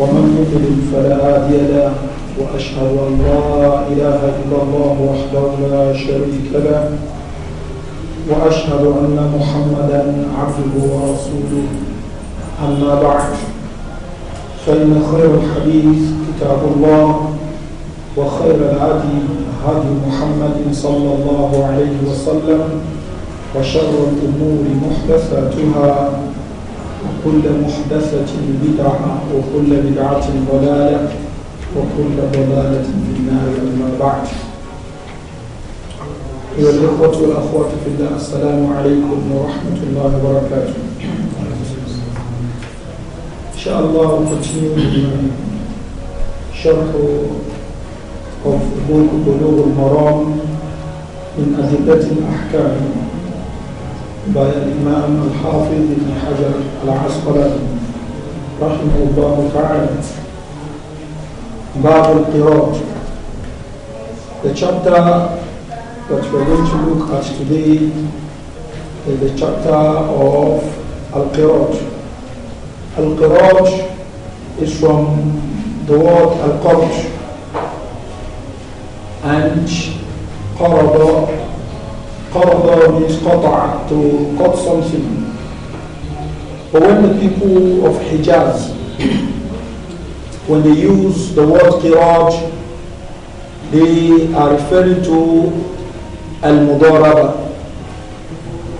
ومن يضلل فلا هادي له واشهد ان لا اله الا الله وحده لا شريك له واشهد ان محمدا عبده ورسوله اما بعد فان خير الحديث كتاب الله وخير الهدي هدي محمد صلى الله عليه وسلم وشر الامور محدثاتها وكل محدثة بدعة وكل بدعة ضلالة وكل ضلالة في النار أما بعد أيها الإخوة والأخوات في الله السلام عليكم ورحمة الله وبركاته إن شاء الله we شرح أو the بلوغ المرام من أدلة الأحكام والإمام الحافظ بن حجر العسقلاني رحمه الله تعالى باب القراءة The chapter that are going to look at today is the chapter of Al-Qiraj. Al-Qiraj is from the word Al-Qarj and Qarada Qarada means qata, to cut something. But when the people of Hijaz, when they use the word qiraj, they are referring to al-mudaraba.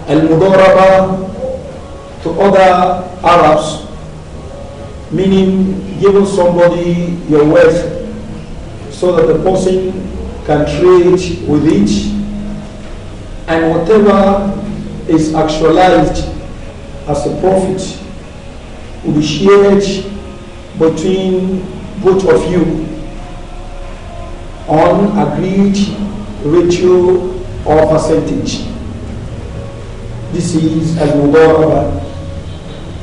Al-mudaraba to other Arabs, meaning giving somebody your wealth so that the person can trade with it and whatever is actualized as a profit will be shared between both of you on agreed ratio or percentage. This is al mudaraba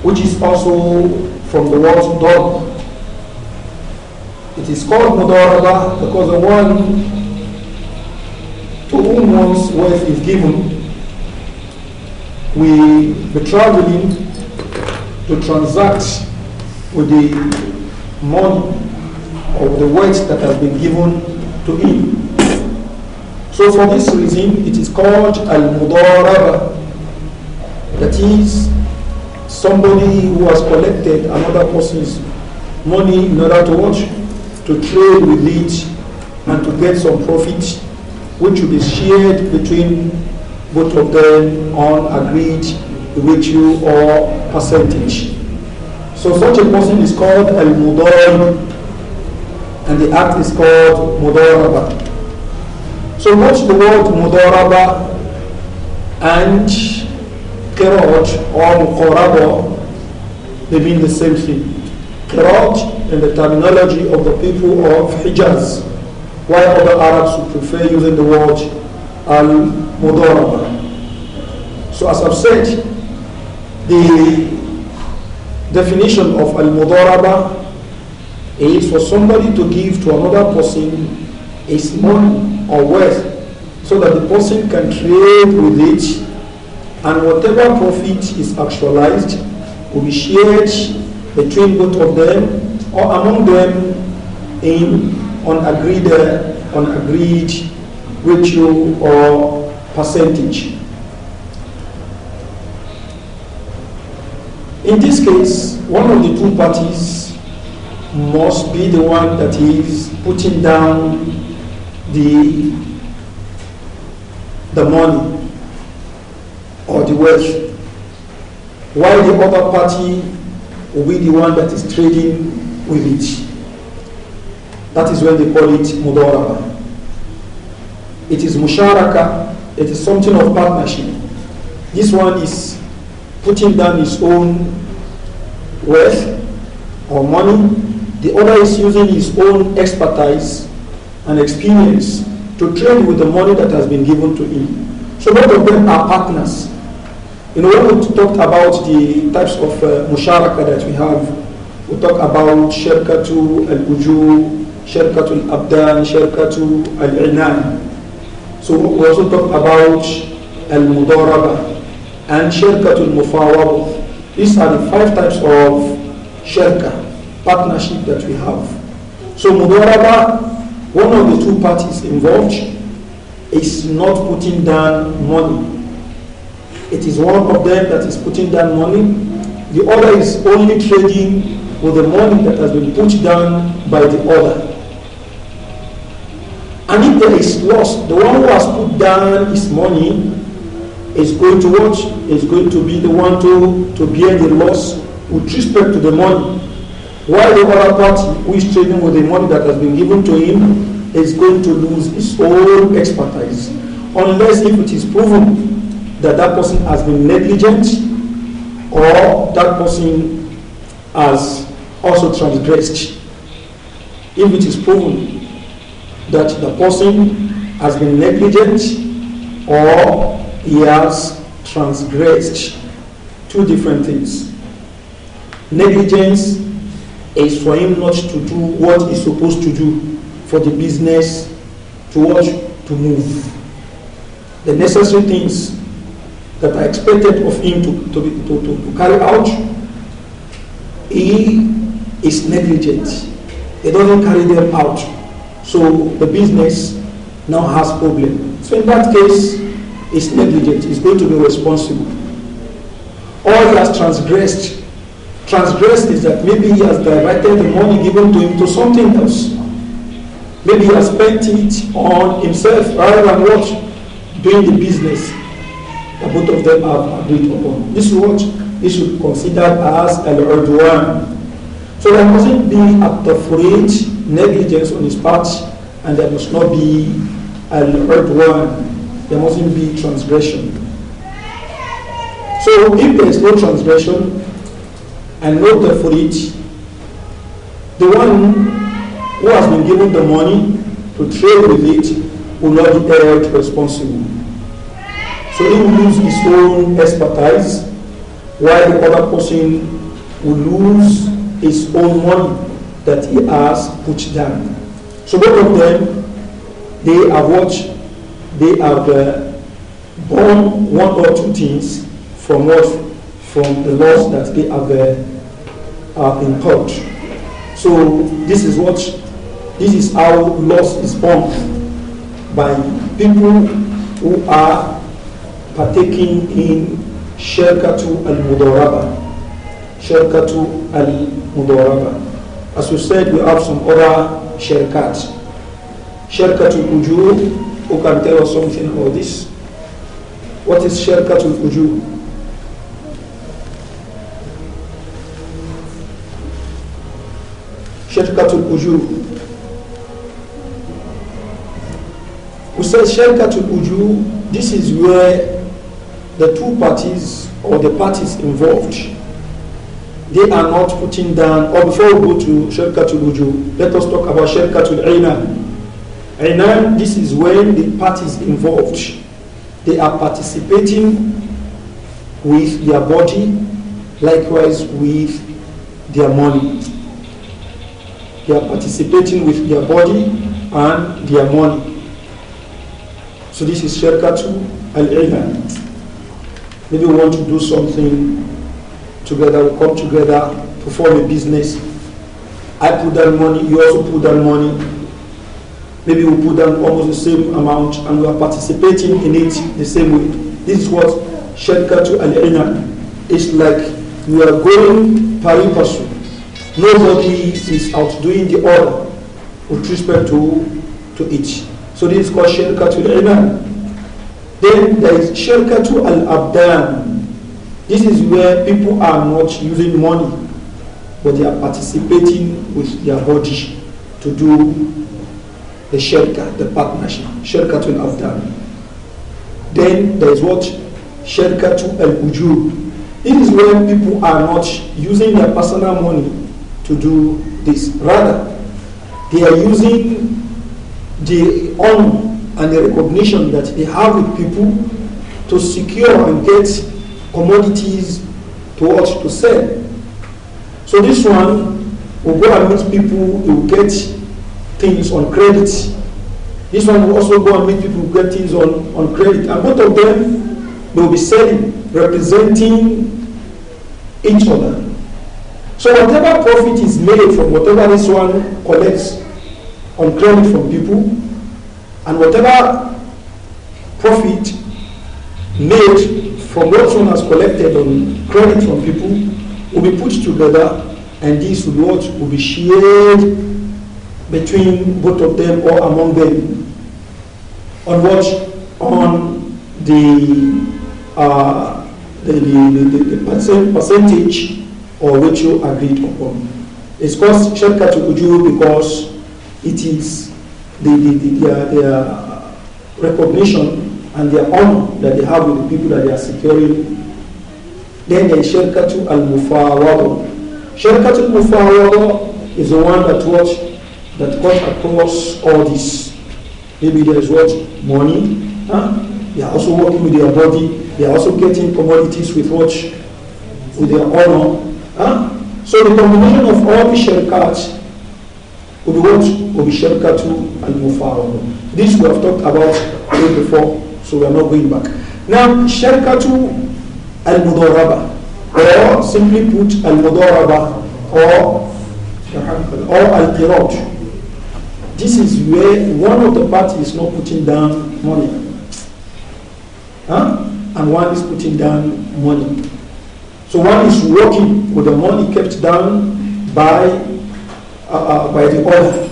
which is also from the word dog. It is called mudaraba because the one one's wife is given, we be traveling to transact with the money of the words that have been given to him. So for this reason, it is called al-mudaraba. That is, somebody who has collected another person's money in order to watch, to trade with it and to get some profit which will be shared between both of them on agreed ratio or percentage. So such a person is called a mudar and the act is called mudaraba. So much the word mudaraba and kiraj or muqaraba, they mean the same thing. Kiraj in the terminology of the people of Hijaz why other Arabs would prefer using the word al-mudaraba. Um, so as I've said, the definition of al-mudaraba is for somebody to give to another person a small or wealth so that the person can trade with it and whatever profit is actualized will be shared between both of them or among them in on agreed uh, on agreed ratio or percentage. In this case, one of the two parties must be the one that is putting down the the money or the wealth, while the other party will be the one that is trading with it. That is when they call it mudaraba. It is musharaka. It is something of partnership. This one is putting down his own wealth or money. The other is using his own expertise and experience to trade with the money that has been given to him. So both of them are partners. You know, we talked about the types of uh, musharaka that we have, we talk about shirkatu, al-uju, شركة الأبدان شركة العنان so we also talk about المضاربة and شركة المفاوضة these are the five types of شركة partnership that we have so مضاربة one of the two parties involved is not putting down money it is one of them that is putting down money. The other is only trading with the money that has been put down by the other. And if there is loss, the one who has put down his money is going to watch, is going to be the one to, to bear the loss with respect to the money. While the other party who is trading with the money that has been given to him is going to lose his own expertise. Unless if it is proven that that person has been negligent or that person has also transgressed. If it is proven that the person has been negligent or he has transgressed two different things. Negligence is for him not to do what he's supposed to do for the business to watch, to move. The necessary things that are expected of him to, to, be, to, to, to carry out, he is negligent. He doesn't carry them out. So the business now has problem. So in that case, it's negligent. It's going to be responsible. Or he has transgressed. Transgressed is that maybe he has diverted the money given to him to something else. Maybe he has spent it on himself rather than what? Doing the business that both of them have agreed upon. This is what he should consider as al-udwan. So there mustn't be at the fridge negligence on his part and there must not be al one. there mustn't be transgression. So if there is no transgression and no debt for it, the one who has been given the money to trade with it will not be held responsible. So he will lose his own expertise while the other person will lose his own money that he has put down. So both of them, they have watched, they have uh, borne one or two things from what, from the laws that they have uh, uh, been So this is what, this is how loss is born by people who are partaking in shirkatu al-mudaraba. Shirkatu al-mudaraba. As we said, we have some other shirkat. to Ujur, who can tell us something about this? What is Shirkatul Ujur? Shirkatul Ujur. We said Shirkatul Ujur, this is where the two parties or the parties involved they are not putting down, or before we go to sherkatul Wuju, let us talk about sherkatul Ainan. Ainan, this is when the parties involved, they are participating with their body, likewise with their money. They are participating with their body and their money. So this is sherkatul Al-Ainan. Maybe we want to do something together, we come together to form a business. I put down money, you also put down money. Maybe we put down almost the same amount and we are participating in it the same way. This is what Shadkatu al Inam is like we are going pari passu. Nobody is outdoing the other with respect to, to it. So this is called Shadkatu al Inam. Then there is Shadkatu al Abdan. This is where people are not using money, but they are participating with their body to do the shirka, the partnership, shirka to after. Then there is what? Shirka to al-ujub. is where people are not using their personal money to do this. Rather, they are using the honor and the recognition that they have with people to secure and get commodities to us to sell. So this one will go and meet people, he will get things on credit. This one will also go and meet people who get things on, on credit. And both of them, will be selling, representing each other. So whatever profit is made from whatever this one collects on credit from people, and whatever profit made from what one has collected on credit from people will be put together and this reward will be shared between both of them or among them on what on the uh, the, the, the, the percent, percentage or ratio agreed upon. It's called shortcut to because it is the, the, the, their, their recognition and their honor that they have with the people that they are securing. Then they Shirkatu al-Mufawada. Shirkatu al is the one that watch, that cut across all this. Maybe there is what money. Huh? They are also working with their body. They are also getting commodities with what with their honor. Huh? So the combination of all the shirkat will be what? Will be shirkatu al This we have talked about before. So we are not going back. Now, Sharkatu al-Mudaraba, or simply put al-Mudaraba, or, or al-Qiraj. This is where one of the parties is not putting down money. Huh? And one is putting down money. So one is working with the money kept down by, uh, uh, by the other.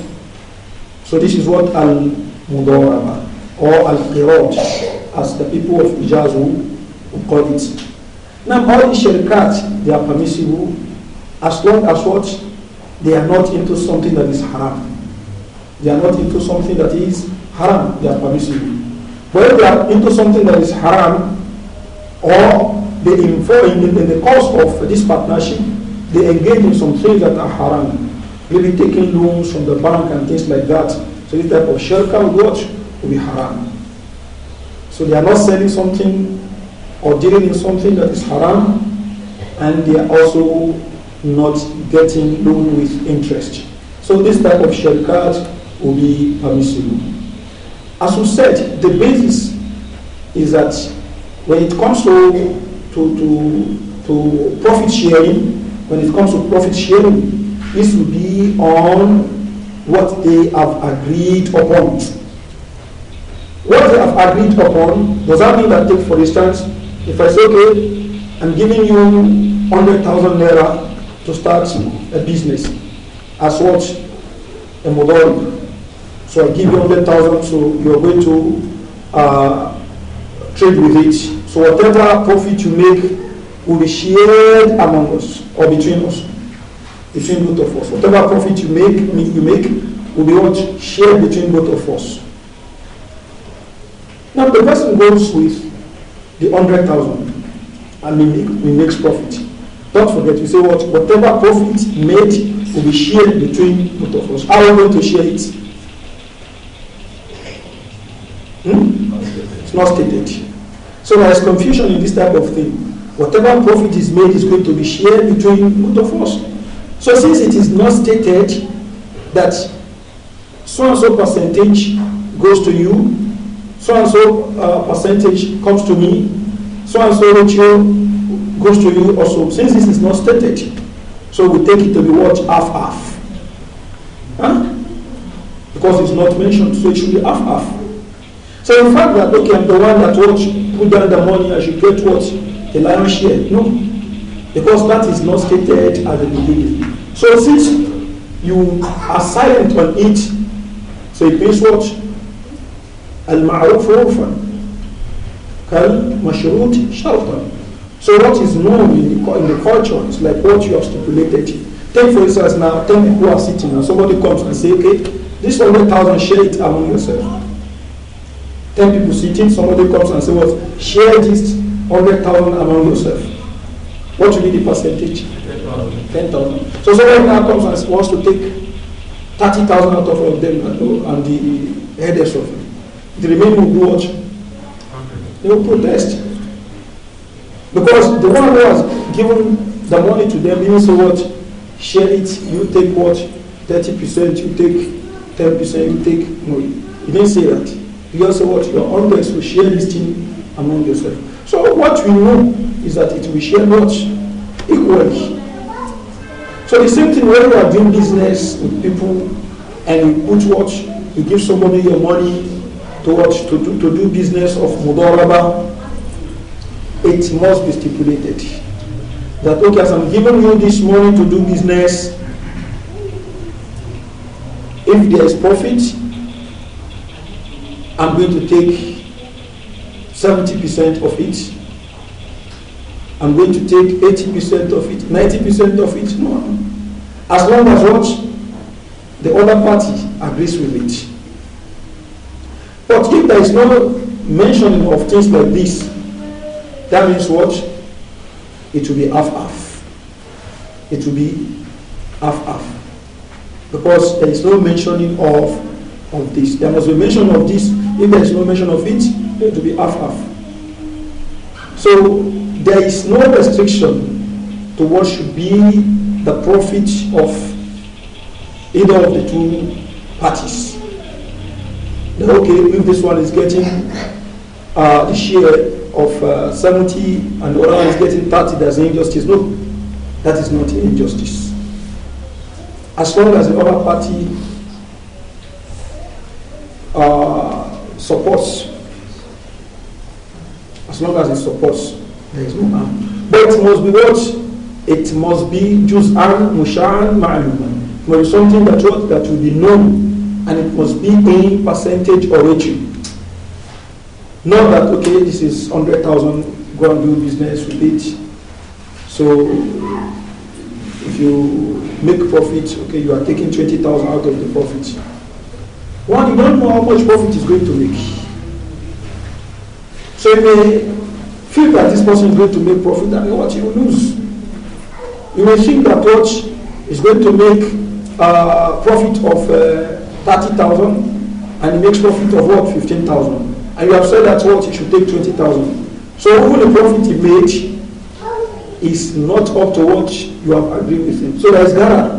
So this is what al-Mudaraba or al-Qiraj as the people of Hijaz will who call it. Now, all the shirkat, they are permissible as long as what? They are not into something that is haram. They are not into something that is haram. They are permissible. But if they are into something that is haram, or they involve in, the course of this partnership, they engage in some things that are haram. Maybe taking loans from the bank and things like that. So this type of shirka will, will be haram. So they are not selling something or dealing in something that is haram, and they are also not getting loan with interest. So this type of card will be permissible. As we said, the basis is that when it comes to to, to, to profit sharing, when it comes to profit sharing, this will be on what they have agreed upon. what they have agreed upon, does that mean that take, for instance, if I say, okay, I'm giving you hundred thousand naira to start a business as what? A model. So I give you hundred thousand, so you're going to uh, trade with it. So whatever profit you make will be shared among us or between us, between both of us. Whatever profit you make, you make will be what? Shared between both of us. Now the person goes with the hundred thousand and he, make, he makes profit. Don't forget, you say what? Whatever profit made will be shared between both of us. How are we going to share it? Hmm? It's not stated. So there is confusion in this type of thing. Whatever profit is made is going to be shared between both of us. So since it is not stated that so and so percentage goes to you, so and so percentage comes to me, so and so ratio goes to you also. Since this is not stated, so we take it to be what? Half half. Huh? Because it's not mentioned, so it should be half half. So in fact that okay, I'm the one that what put down the money, I should get what? The lion's share. No. Because that is not stated at the beginning. So since you are silent on it, so it means what? المعروف عرفا كالمشروط شرطا so what is known in the, in the culture is like what you have stipulated take for instance now 10 people are sitting and somebody comes and say okay this 100,000 share it among yourself 10 people sitting somebody comes and says what share this 100,000 among yourself what will be the percentage 10,000 so somebody now comes and wants to take 30,000 out of them and, and the headers of it the remaining do what? They will protest. Because the one who has given the money to them, you say what? Share it, you take what? 30%, you take 10%, you take money. He didn't say that. He also what? Your own guests will share this thing among yourself. So what we know is that it will share not equally. So the same thing when you are doing business with people and you put what? You give somebody your money to to do, to do business of mudaraba, it must be stipulated that okay, as I'm giving you this money to do business, if there is profit, I'm going to take 70% of it. I'm going to take 80% of it, 90% of it. No. As long as what the other party agrees with it. But if there is no mentioning of things like this, that means what? It will be half-half. It will be half-half. Because there is no mentioning of of this. There must be mention of this. If there is no mention of it, it will be half-half. So there is no restriction to what should be the profit of either of the two parties. Then, okay, if this one is getting uh, the share of uh, 70 and the other one is getting 30, there's injustice. No, that is not injustice. As long as the other party uh, supports, as long as it supports, there is no harm. But it must be what? It must be just Juz'an, Musha'an, Ma'aluman. It must be something that, that will be known and it must be in percentage or ratio. Not that, okay, this is 100,000, go and do business with it. So if you make profit, okay, you are taking 20,000 out of the profit. One, you don't know how much profit is going to make. So you may feel that this person is going to make profit and what you lose. You may think that what is going to make uh, profit of uh, 30,000 and he makes profit of what? 15,000. And you have said that what? He should take 20,000. So who the profit he made is not up to what you have agreed with him. So there is gara.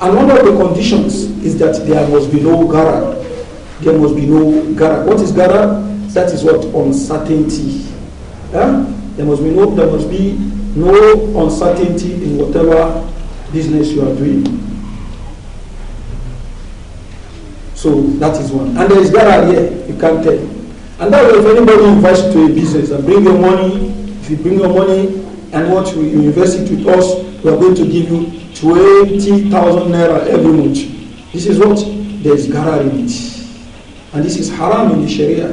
And one of the conditions is that there must be no gara. There must be no gara. What is gara? That is what? Uncertainty. Yeah? There must be no, there must be no uncertainty in whatever business you are doing. So that is one. And there is gara here, you can't tell. And that way, if anybody invests to a business and bring your money, if you bring your money and want to invest it with us, we are going to give you 20,000 naira every month. This is what? There is gara in it. And this is haram in the Sharia.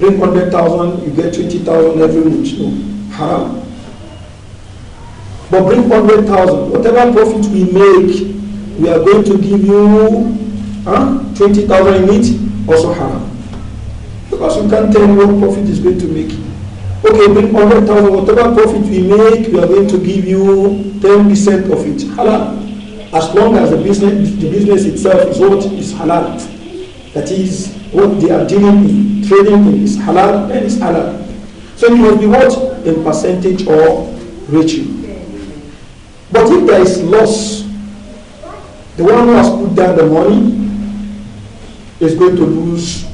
Bring 100,000, you get 20,000 every month. No, haram. But bring 100,000. Whatever profit we make, we are going to give you huh? 20,000 in it, also haram. Because you can't tell what profit is going to make. Okay, bring 100,000, whatever profit we make, we are going to give you 10% of it. Halal. As long as the business, the business itself is what is halal. That is what they are dealing in, trading in is halal, and it's halal. So it must be what? In percentage or ratio. But if there is loss, the one who has put down the money is going to lose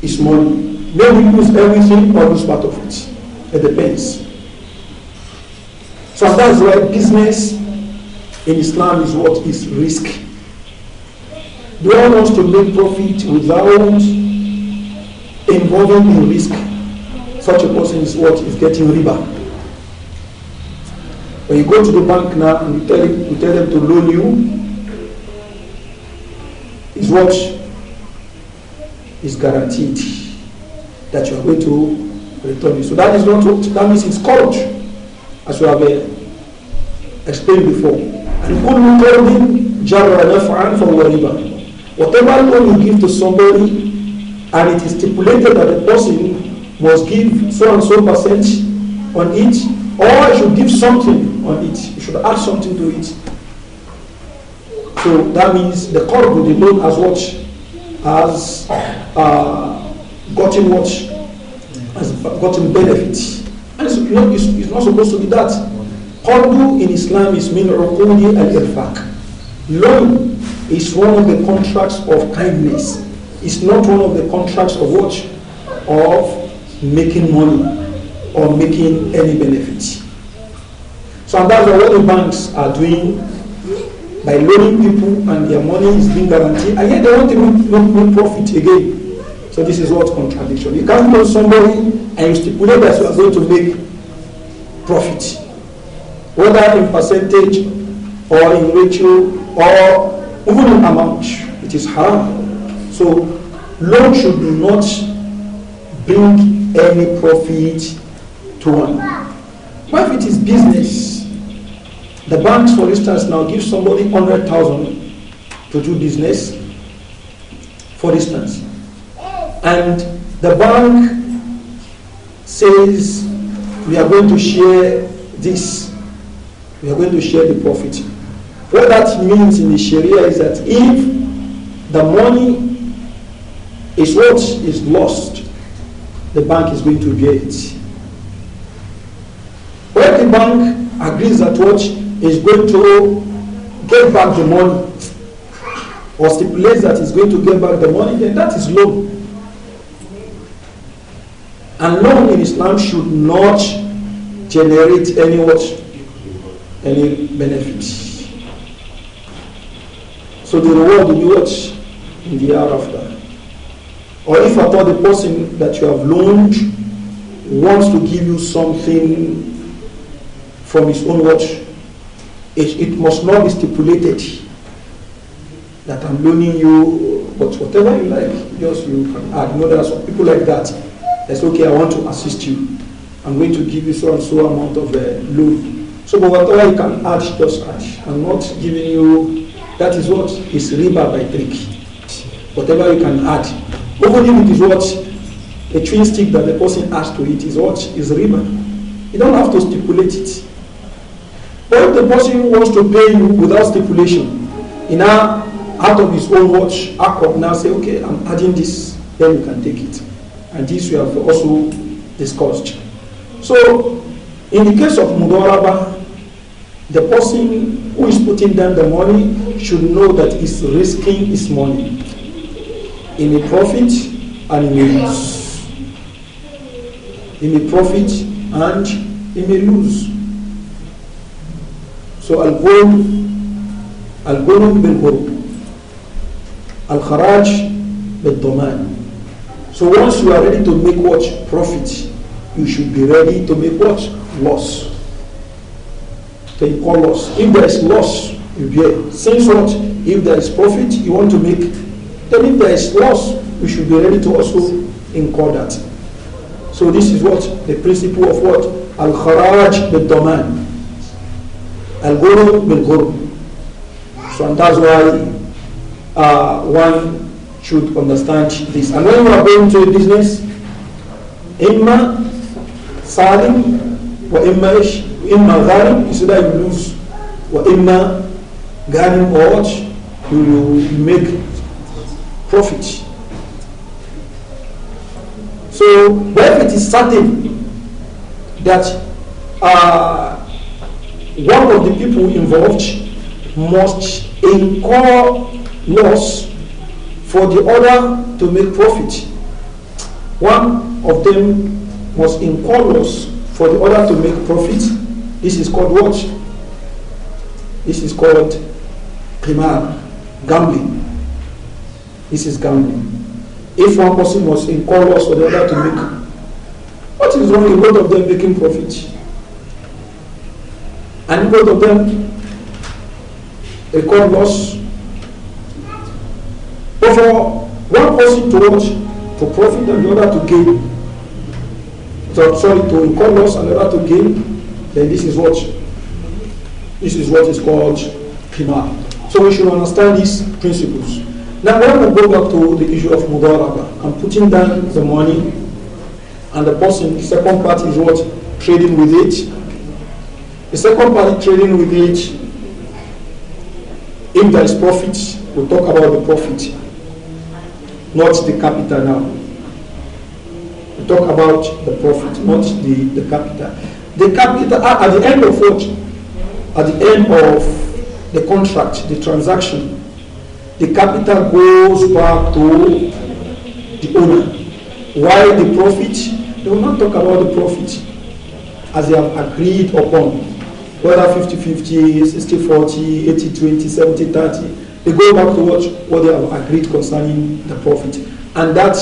his money. May we lose everything or lose part of it. It depends. So that's why business in Islam is what is risk. They want us to make profit without involving in risk. Such a person is what is getting riba. When you go to the bank now and you tell, you tell them to loan you is what is guaranteed that you are going to return it. So that is not what, that means it's called, as we have uh, explained before. And kullu qalbin jarra naf'an from Wariba. Whatever loan you give to somebody and it is stipulated that the person must give so and so percent on it or should give something on it, you should add something to it. So that means the Qurb, the loan has what? Has uh, gotten what? Has gotten benefit. And it's, you know, it's, it's not supposed to be that. Qurb in Islam is min uqudi al-irfaq. Loan is one of the contracts of kindness. It's not one of the contracts of what? Of making money or making any benefit. So and that's why what the banks are doing by loaning people and their money is being guaranteed, and yet they want to make, make profit again. So this is what contradiction. You can't loan somebody and you stipulate that you are going to make profit, whether in percentage or in ratio or even in amount. It is hard. So loan should not bring any profit to one. But if it is business, The banks, for instance, now give somebody 100,000 to do business, for instance. And the bank says, we are going to share this. We are going to share the profit. What that means in the Sharia is that if the money is what is lost, the bank is going to get it. When the bank agrees that what is going to get back the money or stipulate that he's going to get back the money, then that is loan. And loan in Islam should not generate any what? Any benefit. So the reward will be what? In the hour after. Or if at all the person that you have loaned wants to give you something from his own watch, it, it must not be stipulated that I'm loaning you, but whatever you like, just you can add. You know, there are some people like that. It's okay, I want to assist you. I'm going to give you so and so amount of uh, loan. So, but whatever you can add, just add. I'm not giving you, that is what is riba by trick. Whatever you can add. Even if it is what a twin stick that the person adds to it is what is riba. You don't have to stipulate it. But if the person wants to pay you without stipulation, in our, out of his own watch, ACOP now say, okay, I'm adding this, then you can take it. And this we have also discussed. So, in the case of Mudoraba, the person who is putting down the money should know that he's risking his money in a profit and in a loss. In a profit and in a lose سو البول البول بالبول الخراج بالضمان so once you are ready to make what profit you should be ready to make what loss so you call loss if there is loss you bear since what if there is profit you want to make then if there is loss you should be ready to also incur that so this is what the principle of what al-kharaj the daman Al-Ghurub bil Ghurub. So and that's why uh, one should understand this. And when you are going to a business, i salim wa i ish, i gharim, so that you lose, wa i gharim or what, you, you make profit. So, but it is certain that uh, one of the people involved must incur loss for the other to make profit. One of them must incur loss for the other to make profit. This is called what? This is called qimar, gambling. This is gambling. If one person must incur loss for the other to make, what is wrong with both of them making profit? and both of them they call loss. But for one person to watch, to profit and another to gain, so, sorry, to incur loss and the to gain, then this is what this is what is called qina. So we should understand these principles. Now when we go back to the issue of mudaraba and putting down the money and the person, the second part is what trading with it The second party trading with it, if there is profit, we'll talk about the profit, not the capital now. We talk about the profit, not the, the capital. The capital, ah, at the end of what? At the end of the contract, the transaction, the capital goes back to the owner. Why the profit? They will not talk about the profit as they have agreed upon. whether 50-50, 60-40, 80-20, 70-30, they go back to what, what they have agreed concerning the profit. And that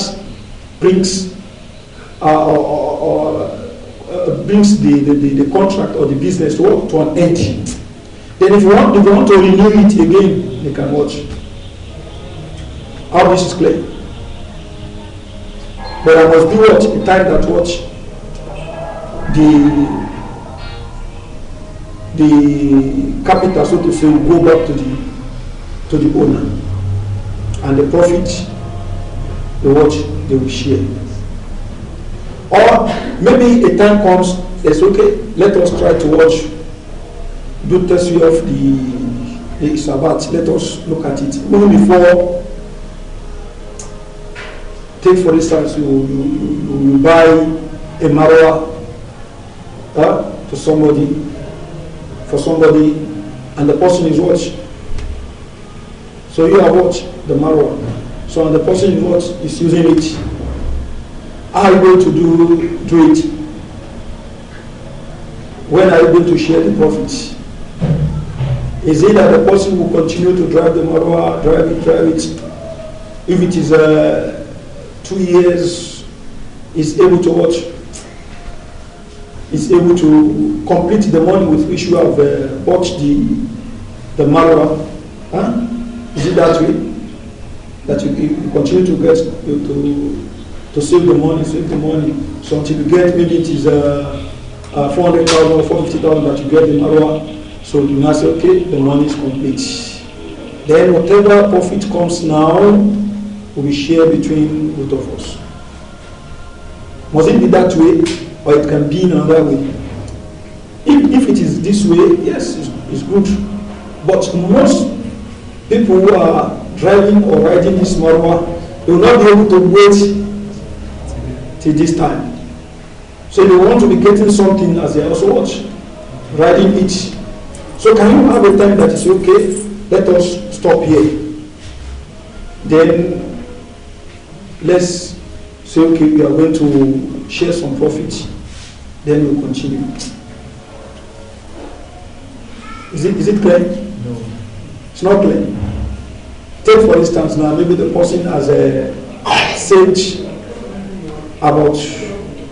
brings uh, or, uh, or, uh, uh, uh, brings the, the, the, contract or the business to, to an end. Then if you want if you want to renew it again, they can watch. How this is clear. But I must do what? The time that watch the the capital, so to say, will go back to the to the owner, and the profit, the what they will share. Or maybe a time comes, it's okay. Let us try to watch, do test view of the the Sabbath. Let us look at it even before. Take for instance, you you, you, you buy a marwa uh, to somebody for somebody and the person is what? So you are what? The marwa. So and the person is what? Is using it. How are you going to do, do it? When are you going to share the profits? Is it that the person will continue to drive the marwa, drive it, drive it? If it is uh, two years, is able to watch is able to complete the money with which you have uh, bought the the marwa. Huh? Is it that way? That you, you continue to get to to save the money, save the money. So until you get maybe it is uh, uh, 400,000 or 450,000 that you get the Marwa. So you now say, okay, the money is complete. Then whatever profit comes now will be shared between both of us. Was it be that way? or it can be in another way. If, if it is this way, yes, it's, it's good. But most people who are driving or riding this Marwa, they will not be able to wait till this time. So they want to be getting something as they also watch, riding it. So can you have a time that is okay? Let us stop here. Then let's say, okay, we are going to share some profit. Then we continue. Is it, is it clear? No. It's not clear. Take for instance now, maybe the person has a sage about,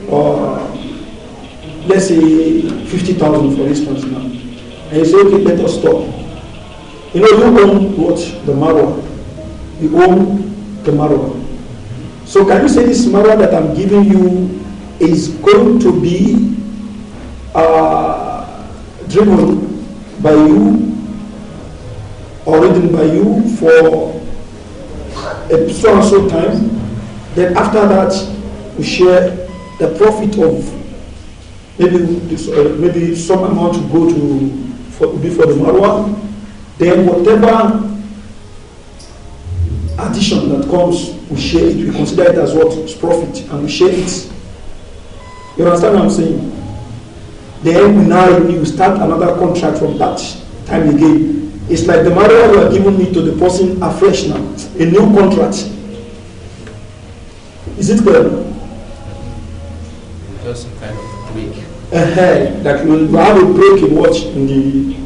or uh, let's say 50,000 for instance now. And he say, okay, let us stop. You know, you own what? The marrow. You own the marrow. So can you say this marrow that I'm giving you is going to be uh, driven by you or written by you for a so and so time. Then after that, we share the profit of maybe this, uh, maybe some amount to go to for, be for the marwa. Then whatever addition that comes, we share it. We consider it as what profit, and we share it You understand what I'm saying? Then now you start another contract from that time again. It's like the marriage you are giving me to the person afresh now, a new contract. Is it clear? Just a kind of break. Uh-huh. Like you, you have a break in what in the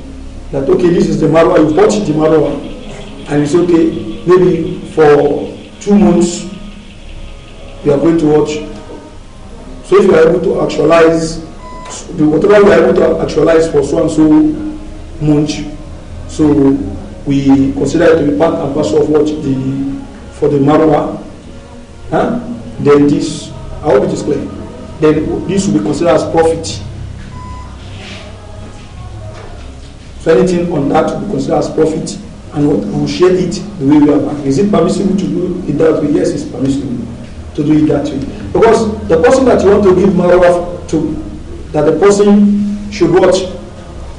that okay, this is the marwa, you bought the marwa, and it's okay, maybe for two months you are going to watch So if you are able to actualize the whatever we are able to actualize for so and so much, so we consider it to be part and parcel of what the for the marwa. Huh? Then this, I hope it is clear. Then this will be considered as profit. So anything on that will be considered as profit and what we will share it the way we are. Is it permissible to do it that way? Yes, it's permissible to do it that way. Because the person that you want to give marwa to, that the person should watch,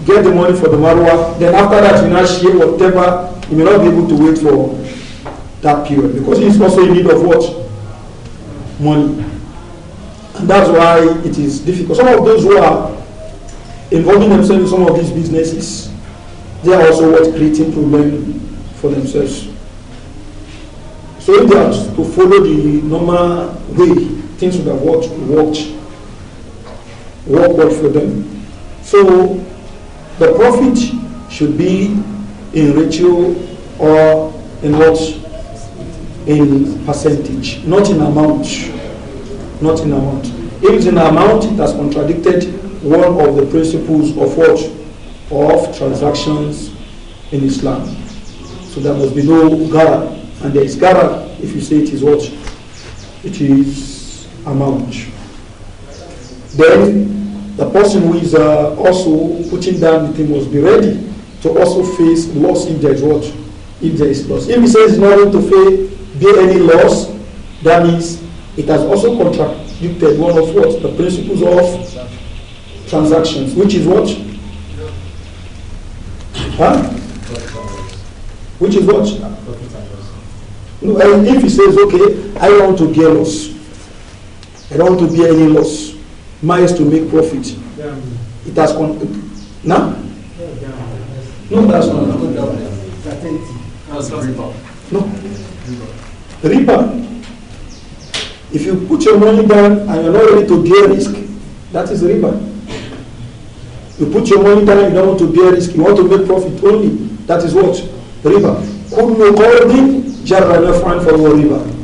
get the money for the marwa, then after that you now share whatever, you may not be able to wait for that period because he is also in need of what? Money. And that's why it is difficult. Some of those who are involving themselves in some of these businesses, they are also what creating problem for themselves. So if they are to follow the normal way, things would have worked, worked, worked well for them. So the profit should be in ratio or in what? In percentage, not in amount. Not in amount. If it's in amount, it has contradicted one of the principles of what? Of transactions in Islam. So there must be no gara. And there is gara if you say it is what? It is amount. Then the person who is uh, also putting down the thing must be ready to also face loss if there is what? If there is loss. If he says he's not going to face, bear any loss, that means it has also contradicted one of what? The principles of transactions, which is what? Huh? Which is what? No, and if he says, okay, I want to gain loss. I don't want to bear any loss. My is to make profit. It has come. Now? No, that's not. No. no. Riba. If you put your money down and you're not ready to bear risk, that is riba. You put your money down, you don't want to bear risk, you want to make profit only. That is what? Riba. riba.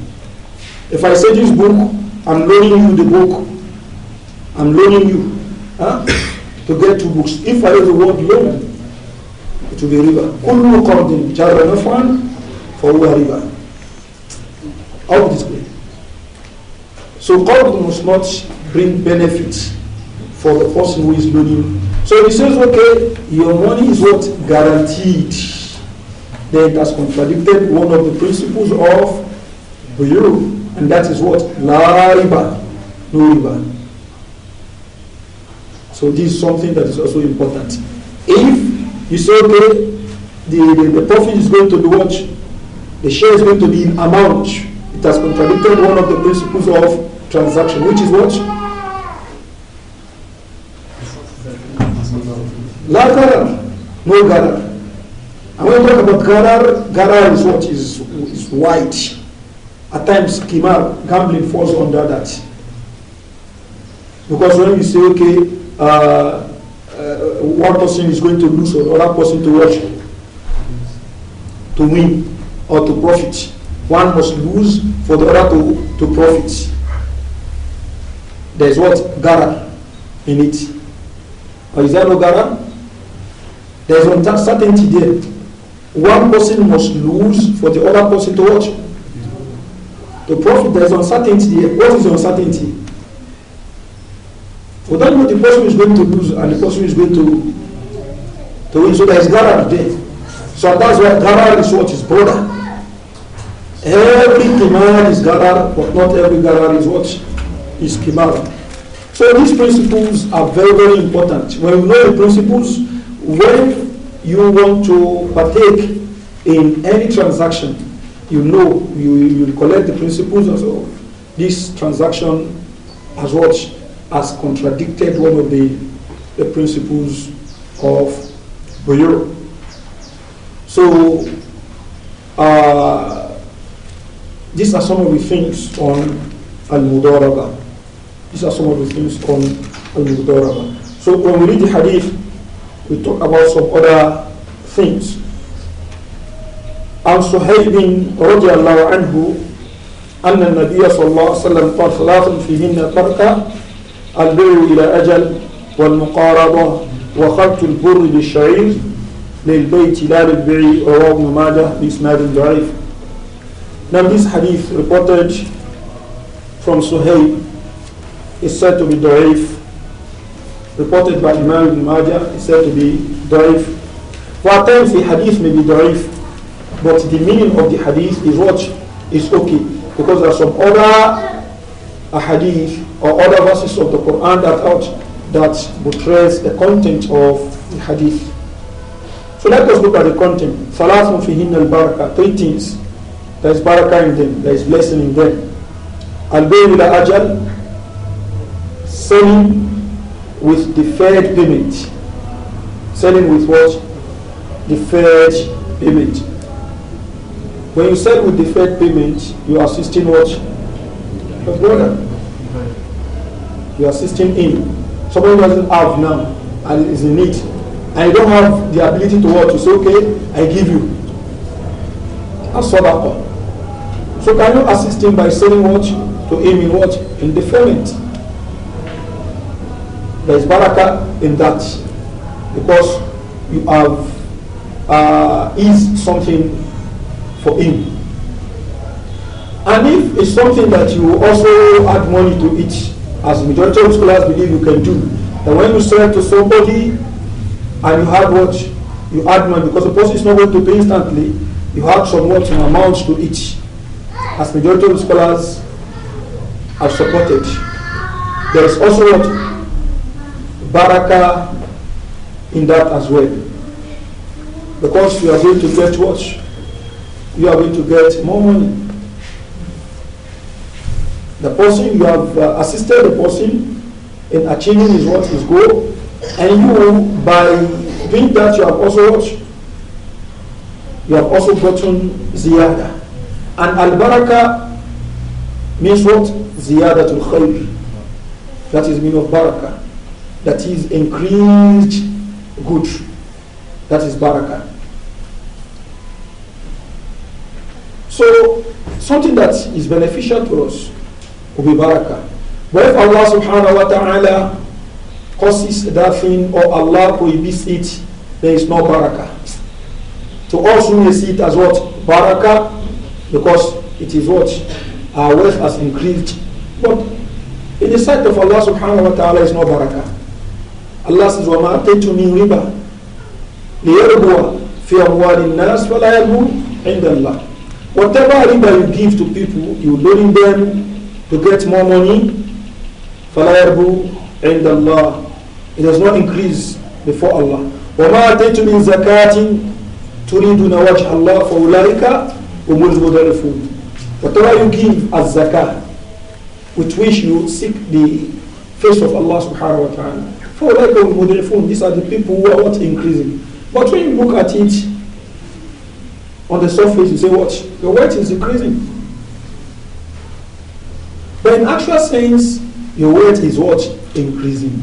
If I say this book, I'm loaning you the book. I'm loaning you huh, to get two books. If I use the word loan, it will be riba. كل قرض جر for فهو riba. All this way. So قرض must not bring benefits for the person who is loaning. So he says, okay, your money is what guaranteed. Then it has contradicted one of the principles of Bureau. And that is what? La riba. No riba. So this is something that is also important. If you say, okay, the, the, the profit is going to be what? The share is going to be in amount. It has contradicted one of the principles of transaction, which is what? La garar, no garar. And when to talk about garar, garar is what is, is white. at times Kimar gambling falls under that. Because when you say, okay, uh, uh, one person is going to lose or another person to watch, to win or to profit, one must lose for the other to, to profit. There's what? Gara in it. Or is there no Gara? There's uncertainty there. One person must lose for the other person to watch. The Prophet, is uncertainty. What is uncertainty? For that what the person is going to lose and the person is going to to win. So there's Gara today. So that's why Gara is what is broader. Every Kimar is Gara, but not every Gara is what is Kimar. So these principles are very, very important. When you know the principles, when you want to partake in any transaction, you know, you, you collect the principles and so this transaction as what has contradicted one of the, the principles of Bureau. So uh, these are some of the things on Al-Mudaraba. These are some of the things on Al-Mudaraba. So when we read the hadith, we talk about some other things. عن صهيب رضي الله عنه أن النبي صلى الله عليه وسلم قال ثلاث فيهن ترك البر إلى أجل والمقاربة وخلط البر بالشعير للبيت لا للبيع رواه ابن ماجه بإسناد ضعيف. Now this hadith reported from Suhaib is said to be ضعيف. Reported by Imam ibn Majah is said to be ضعيف. What times the hadith may be ضعيف. But the meaning of the hadith is what is okay. Because there are some other hadith or other verses of the Quran that out that portrays the content of the hadith. So let us look at the content. Salasun fihin al baraka, three things. There is barakah in them, there is blessing in them. Al bayl ajal, selling with deferred payment. Selling with what? Deferred payment. When you said with deferred payment, you are assisting what? Your brother. You are assisting him. Somebody doesn't have now and is in need. And you don't have the ability to watch. You say, okay, I give you. That's sadaqah. So can you assist him by saying what? To him in what? In deferment. There is baraka in that. Because you have uh, is something for him. And if it's something that you also add money to it, as majority of scholars believe you can do, that when you sell to somebody and you have what you add money, because the person is not going to pay instantly, you add what an amount to it, as majority of scholars have supported. There is also what baraka in that as well, because you are going to get what you are going to get more money. The person you have uh, assisted the person in achieving his what his goal, and you by doing that you have also what you have also gotten ziyada. And al baraka means what ziyada to khayr. That is mean of baraka. That is increased good. That is baraka. So something that is beneficial to us will be barakah. But if Allah subhanahu wa ta'ala causes that thing or Allah prohibits it, there is no barakah. To us we may see it as what? Barakah, because it is what? Our wealth has increased. But in the sight of Allah subhanahu wa ta'ala is no barakah. Allah says, وَمَا أَتَيْتُ مِنْ رِبَى لِيَرْبُوَ فِي أَمْوَالِ النَّاسِ وَلَا يَرْبُو عِنْدَ اللَّهِ Whatever riba you give to people, you loan them to get more money. فَلَا and Allah. It does not increase before Allah. وَمَا أَتَيْتُ مِنْ زَكَاةٍ تُرِيدُنَ وَجْهَ اللَّهِ فَأُولَٰئِكَ هُمُ الْمُضَلِفُونَ Whatever you give as zakah, with which you seek the face of Allah subhanahu wa ta'ala. فَأُولَٰئِكَ هُمُ الْمُضَلِفُونَ These are the people who are not increasing. But when you look at it, on the surface, you say, "Watch Your weight is decreasing. But in actual sense, your weight is what? Increasing.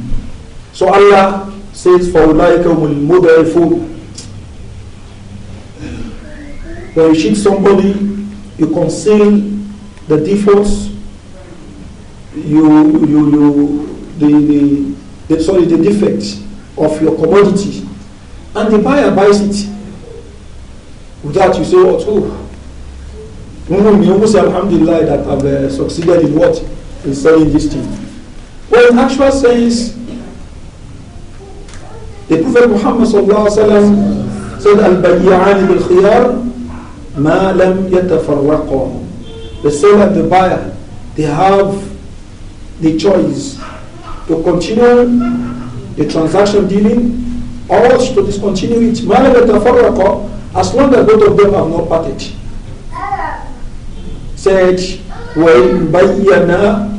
So Allah says, فَأُولَٰئِكَ هُمُ الْمُضْعِفُونَ When you cheat somebody, you conceal the defaults, you, you, you, the, the, the, sorry, the defect of your commodity, and the buyer buys it. Without you say, what? Who? you almost say, Alhamdulillah, that I've uh, succeeded in what? In selling this thing. Well, in actual sense, the Prophet Muhammad sallam, said, Al-Bayya'ani bil-khiyar ma lam yatafarraqa. The seller and the buyer, they have the choice to continue the transaction dealing or to discontinue it. Ma lam yatafarraqa as long as both of them have not parted. Said, وَإِنْ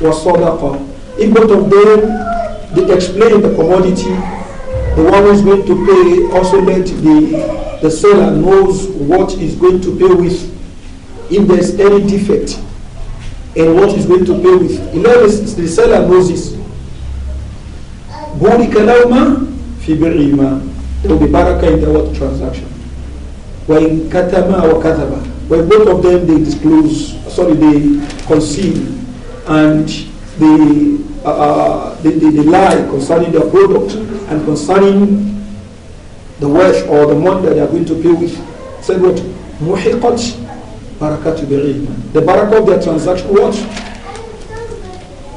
was sold for. If both of them, they explain the commodity, the one who is going to pay also let the, the seller knows what is going to pay with. If there is any defect in what is going to pay with. In other words, the seller knows this. بُورِكَ لَوْمَا فِي There will be baraka in the transaction. وَإِنْ or وَكَتَمَا When both of them they disclose, sorry, they conceal and they, uh, uh, they, they, they lie concerning their product and concerning the wealth or the money that they are going to pay with. Said what? مُحِقَتْ barakatu bi'ilm. The barakah of their transaction what?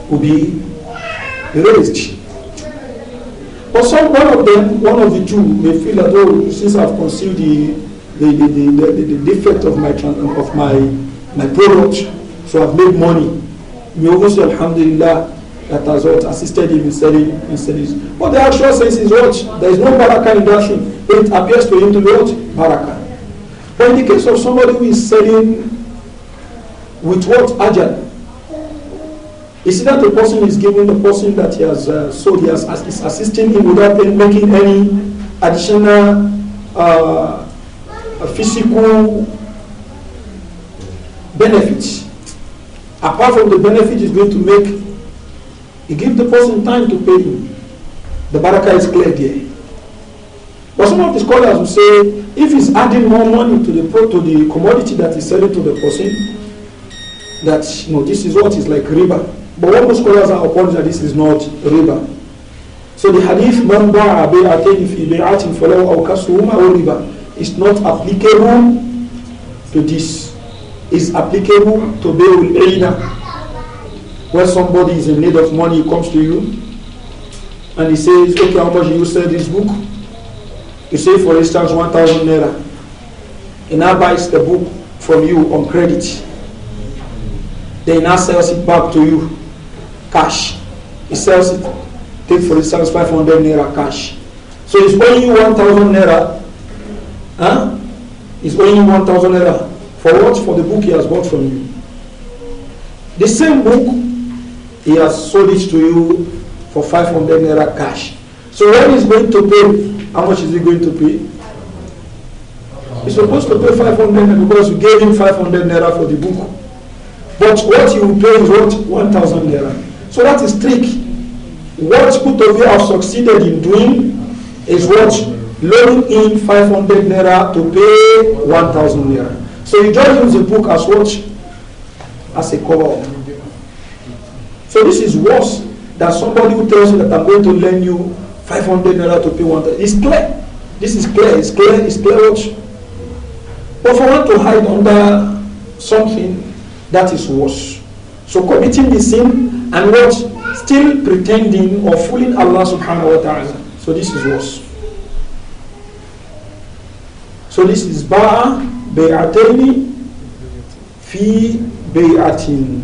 Will be erased. But some one of them, one of the two, may feel that oh, since I've concealed the the, the, the, the, defect of my, of my, my product. So I've made money. We almost Alhamdulillah, that has what assisted him in selling, in selling. But the actual sense is what? There is no barakah in that thing. It appears to him to be what? Barakah. But in the case of somebody who is selling with what? agent, Is it that the person is giving the person that he has uh, sold, he has, is assisting him without making any additional uh, physical benefit. Apart from the benefit is going to make, it give the person time to pay you. The barakah is clear there. But some of the scholars will say if he's adding more money to the to the commodity that he's selling to the person, that you know this is what is like riba. But what most scholars are upon that this is not riba. So the hadith man ba'a bi'atin fi bi'atin falahu aw kasuhuma aw riba is not applicable to this. It's applicable to Beul Aina. When somebody is in need of money, he comes to you and he says, okay, how much you sell this book? You say, for instance, thousand naira. He now buys the book from you on credit. Then he now sells it back to you, cash. He sells it, take for instance, hundred naira cash. So he's paying you one thousand naira huh? is owing you 1,000 naira. For what? For the book he has bought from you. The same book he has sold it to you for 500 naira cash. So when he's going to pay, how much is he going to pay? He's supposed to pay 500 naira because you gave him 500 naira for the book. But what you pay is what? 1,000 naira. So that is trick. What both of you have succeeded in doing is what Loading in 500 naira to pay 1000 naira. So you just use the book as what? As a cover So this is worse than somebody who tells you that I'm going to lend you 500 naira to pay 1000. It's clear. This is clear. It's clear. It's clear what? But for one to hide under something, that is worse. So committing the sin and what? Still pretending or fooling Allah subhanahu wa ta'ala. So this is worse. So this is ba'a bay'ataini fi bay'atin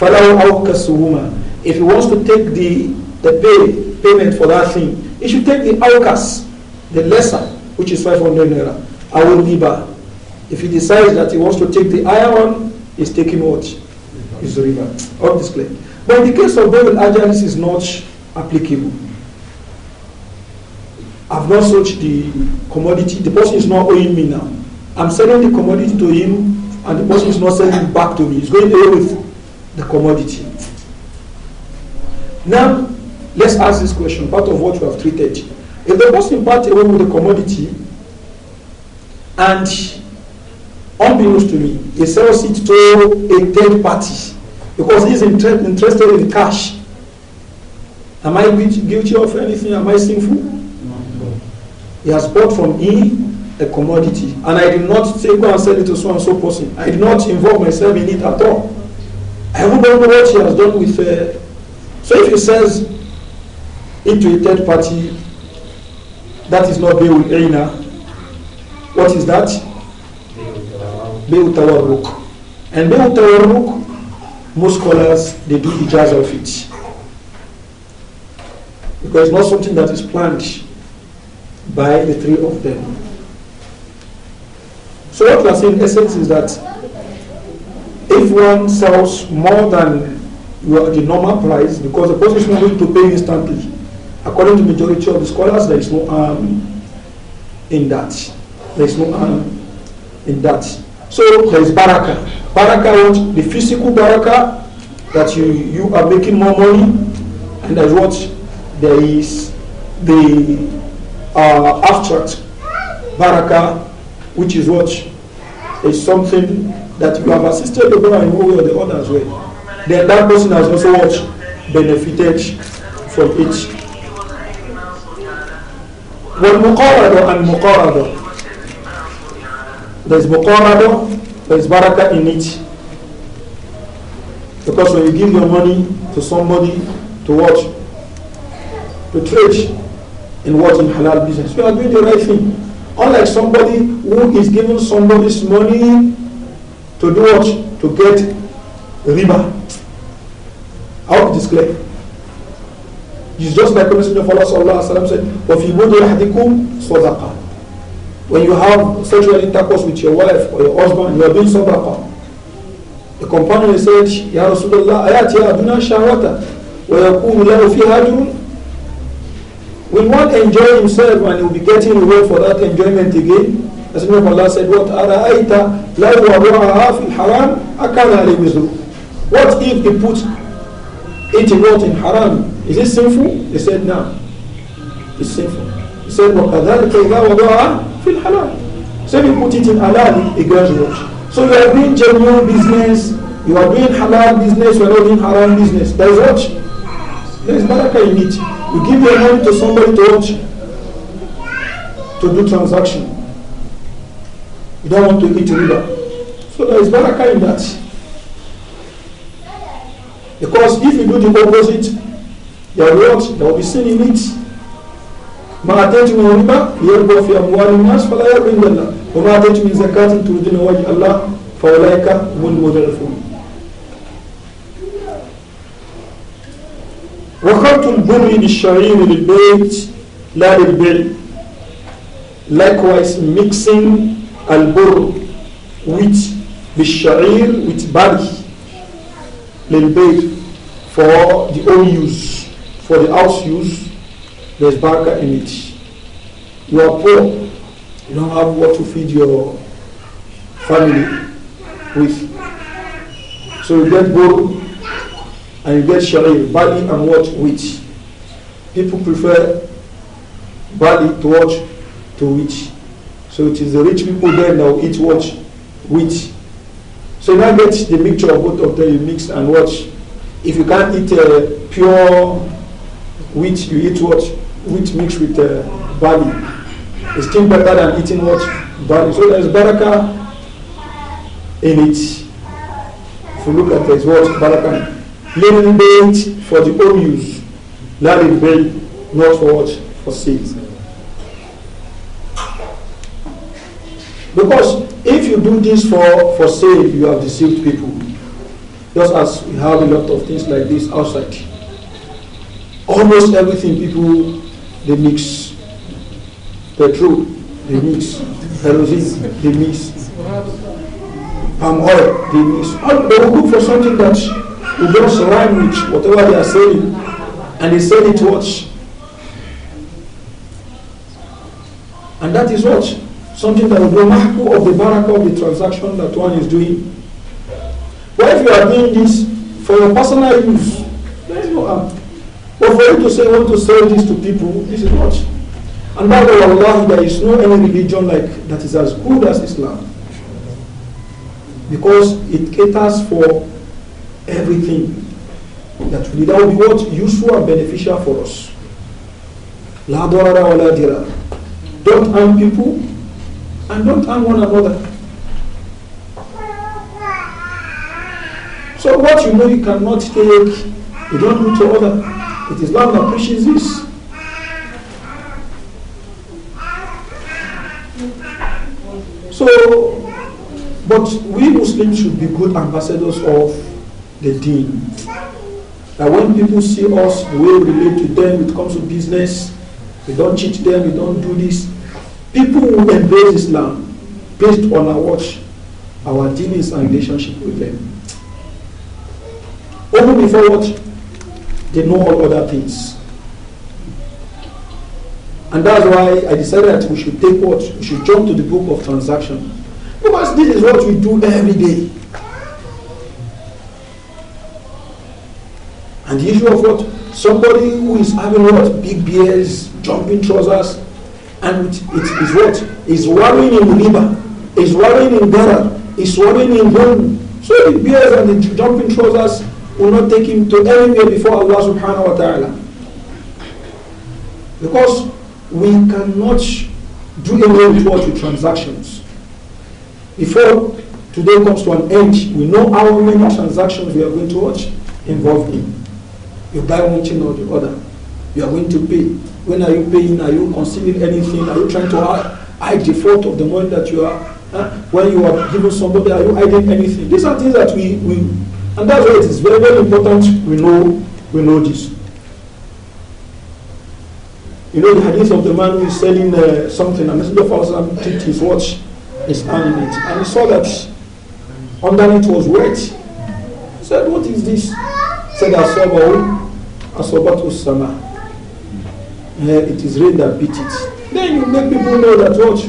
falahu aw kasuhuma. If he wants to take the the pay payment for that thing, he should take the awkas, the lesser, which is 500 naira. I will riba. If he decides that he wants to take the higher one, he's taking what? Is riba. All this claim. But in the case of Babel Ajalis is not applicable. I've not sold the commodity, the person is not owing me now. I'm selling the commodity to him and the person is not selling back to me. He's going away with the commodity. Now, let's ask this question, part of what we have treated. If the person part away with the commodity and unbeknownst to me, he sells it to a third party because he's inter interested in cash. Am I guilty of anything? Am I sinful? He has bought from me a commodity. And I did not say, go and sell it to so and so person. I did not involve myself in it at all. I would not know what he has done with. Uh, so if he sells it to a third party, that is not Beul Eina. What is that? Beul Tawarruk. And Beul Tawarruk, most scholars, they do the jazz of it. Because it's not something that is planned by the three of them. So what we are saying in essence is that if one sells more than the normal price, because the person is not going to pay instantly, according to majority of the scholars, there is no harm in that. There is no harm in that. So there is baraka. Baraka what? The physical baraka that you, you are making more money, and as what? There is the uh, abstract baraka, which is what is something that you have assisted the brother in one way or the other as well. Then that person has also what benefited from it. والمقارنة and مقارنة there's مقارنة there's baraka in it because when you give your money to somebody to watch to trade in what in halal business. We are doing the right thing. Unlike somebody who is giving somebody's money to do what? To get riba. out of this clear. It's just like the Messenger of Allah sallallahu said, When you have sexual intercourse with your wife or your husband, you are doing sadaqah. The companion said, يَا رَسُولَ اللَّهِ أَيَاتِ يَا أَدُنَا شَهْوَةً وَيَقُولُ لَهُ فِيهَا Will not enjoy himself and he will be getting reward for that enjoyment again? As of Allah said, What araita wa haram What if he puts it what in haram? Is it sinful? He said, No. It's sinful. He said, وَكَذَلِكَ إِذَا وَضَعَ فِي الْحَلَالِ So if you put it in halal, it goes wrong. So you are doing genuine business, you are doing halal business, you are not doing haram business. There is what? There is barakah in it. You give your hand to somebody to watch, to do transaction. You don't want to eat riba. So there is baraka in that. Because if you do the opposite, your will, There will be sin in it. ما أتيت من ربا يربو في أموال الناس فلا يربو إلا الله وما أتيت من زكاة تريدون وجه الله فأولئك هم المضعفون وخلط البني للشعير للبيت لا للبر likewise mixing البر with بالشعير with barley للبيت for the own use for the house use there's baraka in it you are poor you don't have what to feed your family with so you get borrowed and you get shari barley and watch Wheat. People prefer barley to watch To wheat. So it is the rich people there now eat watch Wheat. So now get the mixture of both of them, you mix and watch. If you can't eat uh, pure wheat, you eat watch Wheat mixed with uh, barley. It's still better than eating watch Barley. So there's baraka in it. If you look at it, it's what? Baraka limited for the home use, that is very not for what? For sales. Because if you do this for, for sale, you have deceived people. Just as we have a lot of things like this outside. Almost everything people, they mix. Petrol, they mix. Kerosene, they mix. Palm oil, they mix. All, they will look for something that We don't rhyme with whatever they are saying. And they said it what? And that is what? Something that will be of the baraka of the transaction that one is doing. But if you are doing this for your personal use, there is no harm. But for you to say, want to sell this to people, this is not. And by the way, Allah, there is no any religion like that is as good as Islam. Because it caters for everything that we need. That will be what useful and beneficial for us. La la dira. Don't harm people and don't harm one another. So what you know you cannot take, you don't do to other. It is love that preaches this. So, but we Muslims should be good ambassadors of the deen. That when people see us, the way we relate to them, it comes to business, we don't cheat them, we don't do this. People who embrace Islam based on our watch, our dealings and relationship with them. Even before what? They know all other things. And that's why I decided that we should take what? We should jump to the book of transaction. Because this is what we do every day. And the issue of what? Somebody who is having what? Big beers, jumping trousers, and it, it is what? Is worrying in riba, is worrying in gara, is worrying in home. So the beers and the jumping trousers will not take him to anywhere before Allah subhanahu wa ta'ala. Because we cannot do anything with the transactions. Before today comes to an end, we know how many transactions we are going to watch involved in. You buy one thing or the other. You are going to pay. When are you paying? Are you concealing anything? Are you trying to hide the fault of the money that you are? Huh? When you are giving somebody, are you hiding anything? These are things that we, we and that's why it is very, very important we know we know this. You know the hadith of the man who is selling uh, something, and messenger of Allah took his watch, his hand in it, and he saw that under it was wet. He said, What is this? He said, I saw asabatu sama. Uh, eh, it is rain that beat it. Then you make people know that watch.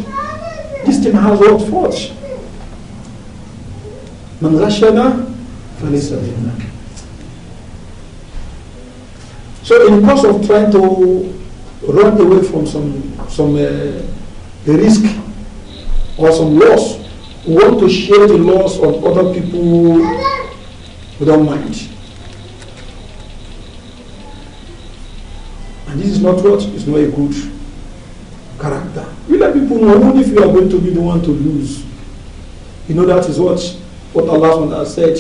This thing has what fault. من غشنا فليس منا. So in the course of trying to run away from some some uh, risk or some loss, we want to share the loss of other people without mind. And this is not what? It's not a good character. You let people know only if you are going to be the one to lose. You know that is what? What Allah has said.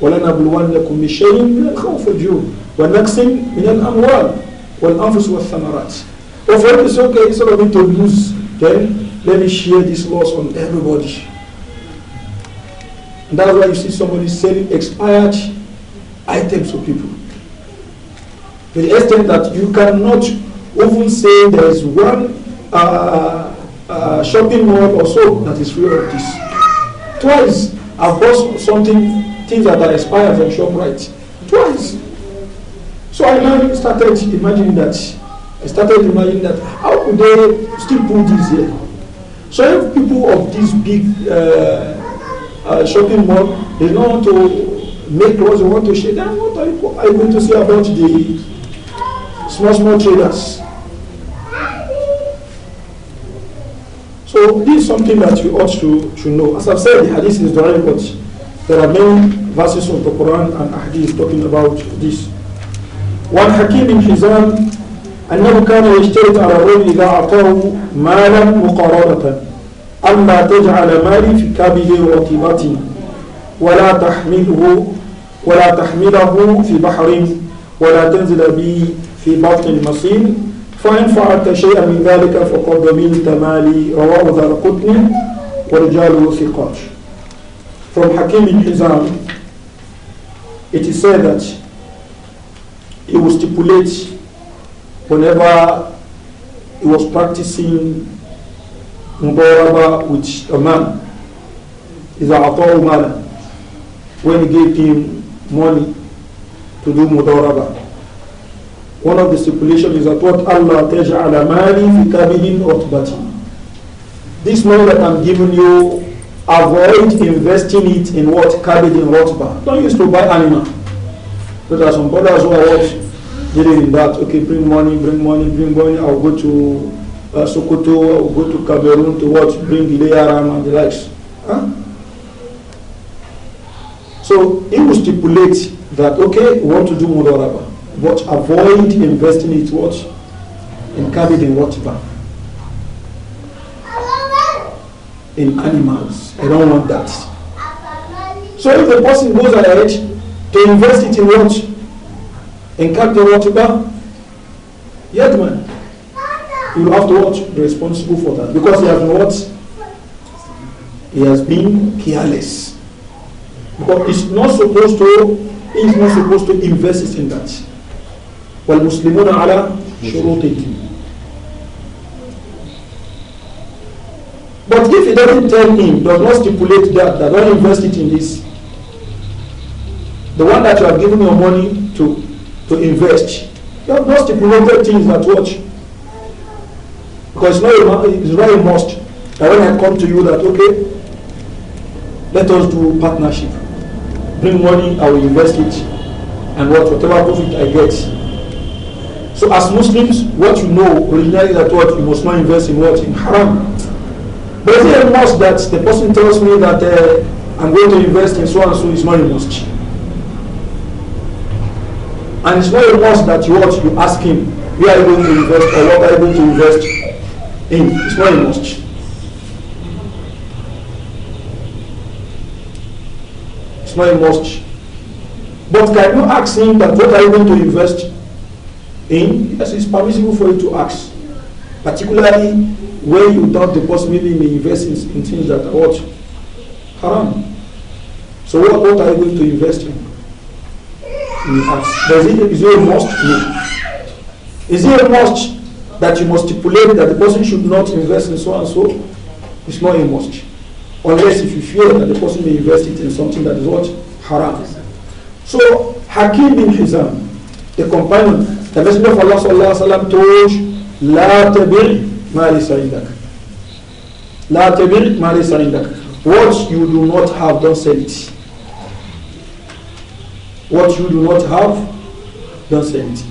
وَلَنَبْلُوَنَّكُمْ بِشَيْءٍ مِنَ الْخَوْفِ وَالْجُوعِ وَنَقْصٍ مِنَ الْأَمْوَالِ وَالْأَنفُسِ وَالثَّمَرَاتِ But for what is okay, instead of me to lose, then let me share this loss on everybody. And that's why you see somebody selling expired items to people to the extent that you cannot even say there is one uh, uh, shopping mall or so that is free of this. Twice I've bought something, things that are expired from ShopRite. Twice. So I now started imagining that. I started imagining that how could they still put this here? So if people of this big uh, uh shopping mall, they don't want to make laws, they want to share, then what are you, are you going to say about the small, small traders. So this is something that you ought to, to know. As I've said, the hadith is very but there are many verses of the Quran and hadith talking about this. One Hakim in Hizam أنه كان يشترط على الرجل إذا أعطاه مالا مقارنة ألا تجعل مالي في كابه رطيبتي ولا تحمله ولا تحمله في بحر ولا تنزل بي في بطن المصير فإن فعلت شيئا من ذلك فقد ضمنت مالي رواه دار قطني ورجاله ثقات From Hakim bin Hizam, it is said that he would stipulate whenever he was practicing Mubaraba with a man, is a Ata'u Mala, when he gave him money to do Mubaraba. One of the stipulations is that what Allah taj'ala mali fi kabihin utbati. This money that I'm giving you, avoid investing it in what? Cabbage and rotba. Don't use to buy animal. But there are some brothers who are what? Dealing in that. Okay, bring money, bring money, bring money. I'll go to uh, Sokoto, I'll go to Cameroon to what bring the Gilearam and the likes. Huh? So he will stipulate that, okay, we want to do Mudoraba. But avoid investing it what? In carrying the bar, In animals. I don't want that. So if the person goes ahead to invest it in what? In capital water, yet man, you have to watch Be responsible for that. Because he has what? He has been careless. Because it's not supposed to, he's not supposed to invest it in that. والمسلمون على شروطه. But if he doesn't tell him, does not stipulate that, that don't invest it in this, the one that you are giving your money to, to invest, you have not stipulated things that watch. Because it's not, a, it's not a must that when I come to you that, okay, let us do partnership. Bring money, I will invest it, and what, whatever profit I get, So as Muslims, what you know originally that what you must not invest in what in haram. But is it a must that the person tells me that uh, I'm going to invest in so and so is not a must? And it's not a must that you what you ask him, where are you going to invest or what are you going to invest in? It's not a must. It's not a must. But can you ask him that what are you going to invest in, yes, it's permissible for you to ask, particularly where you doubt the possibility may invest in, in things that are what? Haram. So what, what are you going to invest in? You ask. Does it, is it a must? No. Is it a must that you must stipulate that the person should not invest in so and so? It's not a must. Unless if you feel that the person may invest it in something that is what? Haram. So Hakim bin Hizam, the companion the Messenger of Allah sallallahu alayhi wa sallam told لا تبر ما ليس عندك لا تبر ما What you do not have, don't sell it. What you do not have, don't sell it.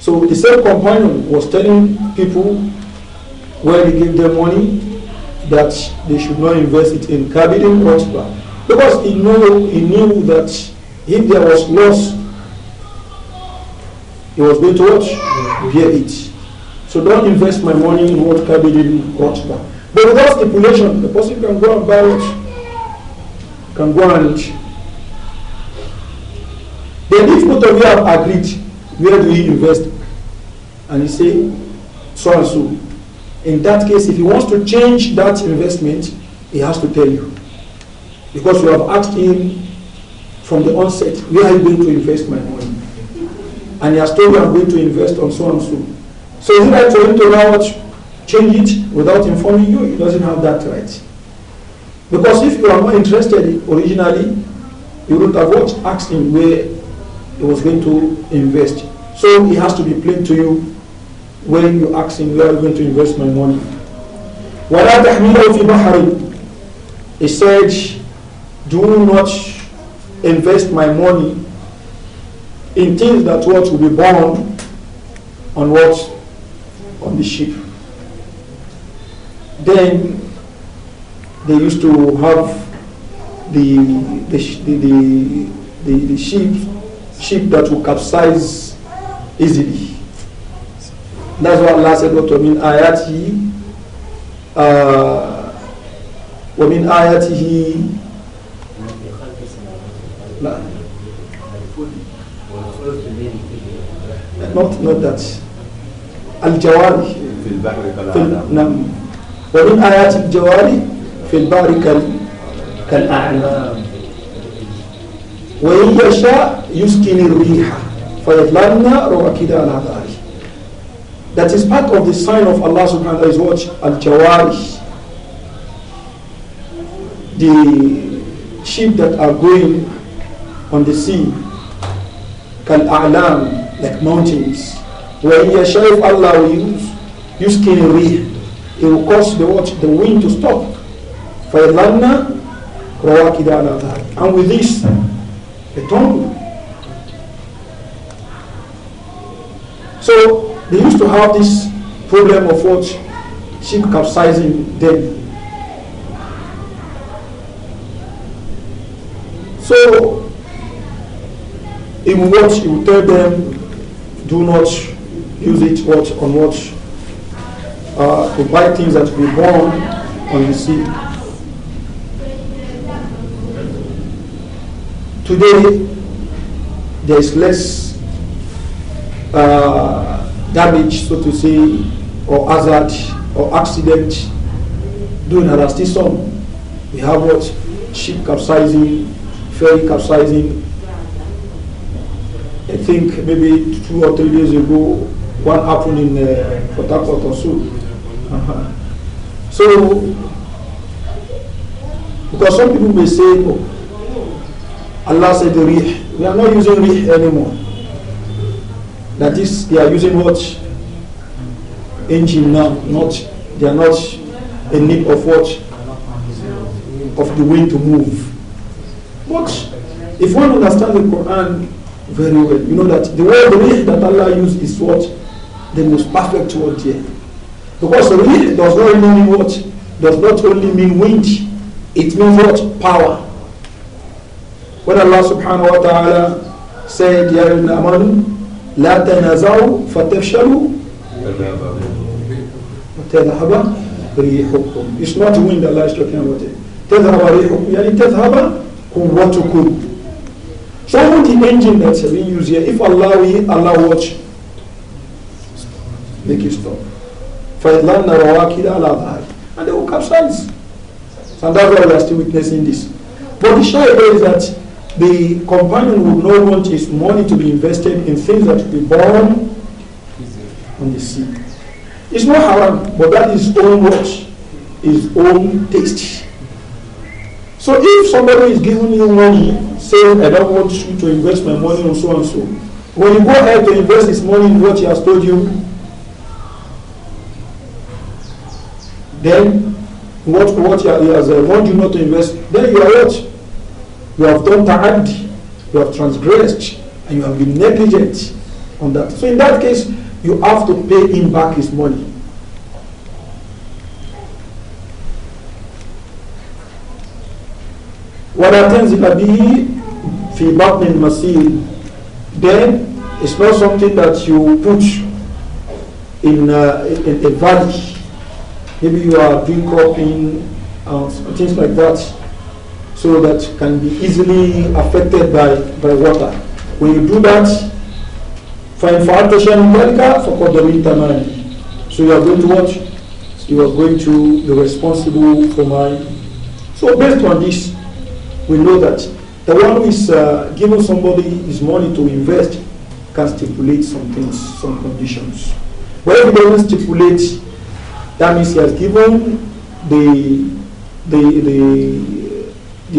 So the same companion was telling people when he gave them money that they should not invest it in Kabir in Rotba. Because he knew, he knew that if there was loss He was going to what? Bear it. So don't invest my money in what Kabi didn't brought back. But without stipulation, the person can go and buy it, can go and eat. Then if both of you have agreed, where do you invest? And you say, so and so. In that case, if he wants to change that investment, he has to tell you. Because you have asked him from the onset, where are you going to invest my money? and he has told you I'm going to invest on so and so. So is it right for him to now change it without informing you? He doesn't have that right. Because if you are not interested originally, you would have what asked him where he was going to invest. So he has to be plain to you when you ask him where are you going to invest my money. وَلَا تَحْمِلَهُ فِي بَحْرٍ He said, do not invest my money in things that what will be born on what on the ship. Then they used to have the the the the, the, the ship ship that will capsize easily. That's what Allah said what I mean ayati uh, ومن آياته لا not not that الجواري في البحر كالأعلام نعم ومن آيات الجواري في البحر كالأعلام وإن يشاء يسكن الريح فيطلعن رواكد على ظهره That is part of the sign of Allah subhanahu wa ta'ala is what? Al-Jawari. The sheep that are going on the sea. Kal-A'lam. like mountains. when here Sharif Allah will use use kinri. He will cause the watch, the wind to stop. فَيَظَنَّ رَوَاكِدَ عَلَى ذَلِكَ And with this, the tongue. So they used to have this problem of what ship capsizing them. So he would watch, he would tell them do not use it what on what uh, to buy things that we want on the sea. Today there is less uh, damage, so to say, or hazard or accident. Doing there are still some. We have what ship capsizing, ferry capsizing, I think maybe two or three years ago, one happened in uh, Port so. Uh-huh. So, because some people may say, oh, Allah said the rih. We are not using rih anymore. That is, they are using what? Engine now, not, they are not in need of what? Of the wind to move. But if one understands the Quran, very well. You know that the word rih that Allah used is what? The most perfect word here. Because rih does not only mean what? Does not only mean wind, it means what? Power. When Allah subhanahu wa ta'ala said, Ya amanu, la tanazaw fatafshalu تذهب ريحكم It's not wind Allah is talking about it تذهب ريحكم يعني تذهب قوتكم Even the engine that's being used here, if Allah will Allah watch, make it stop. فَإِذْلَنَّ رَوَاكِدَ عَلَى ذَهَبِ And they will capsize. And that's why we are still witnessing this. But the shy is that the companion would not want his money to be invested in things that will be born on the sea. It's not haram, but that is own watch, his own taste. So if somebody is giving you money, saying, I don't want you to invest my money on so and so, when you go ahead to invest his money in what he has told you, then what, what he has uh, warned you not to invest, then you are what? You have done ta'addi, you have transgressed, and you have been negligent on that. So in that case, you have to pay him back his money. وَلَا تَنْزِلَ بِهِ فِي بَطْنِ الْمَسِيرِ Then it's not something that you put in a, uh, in a valley. Maybe you are doing cropping and um, things like that. So that can be easily affected by, by water. When you do that, فَإِنْ شَيْئًا ذَلِكَ فَقَدْ for مَالِي So you are going to watch. You are going to be responsible for my... So based on this, we know that the one who is uh, giving somebody his money to invest can stipulate some things, some conditions. When he doesn't stipulate, that means he has given the the the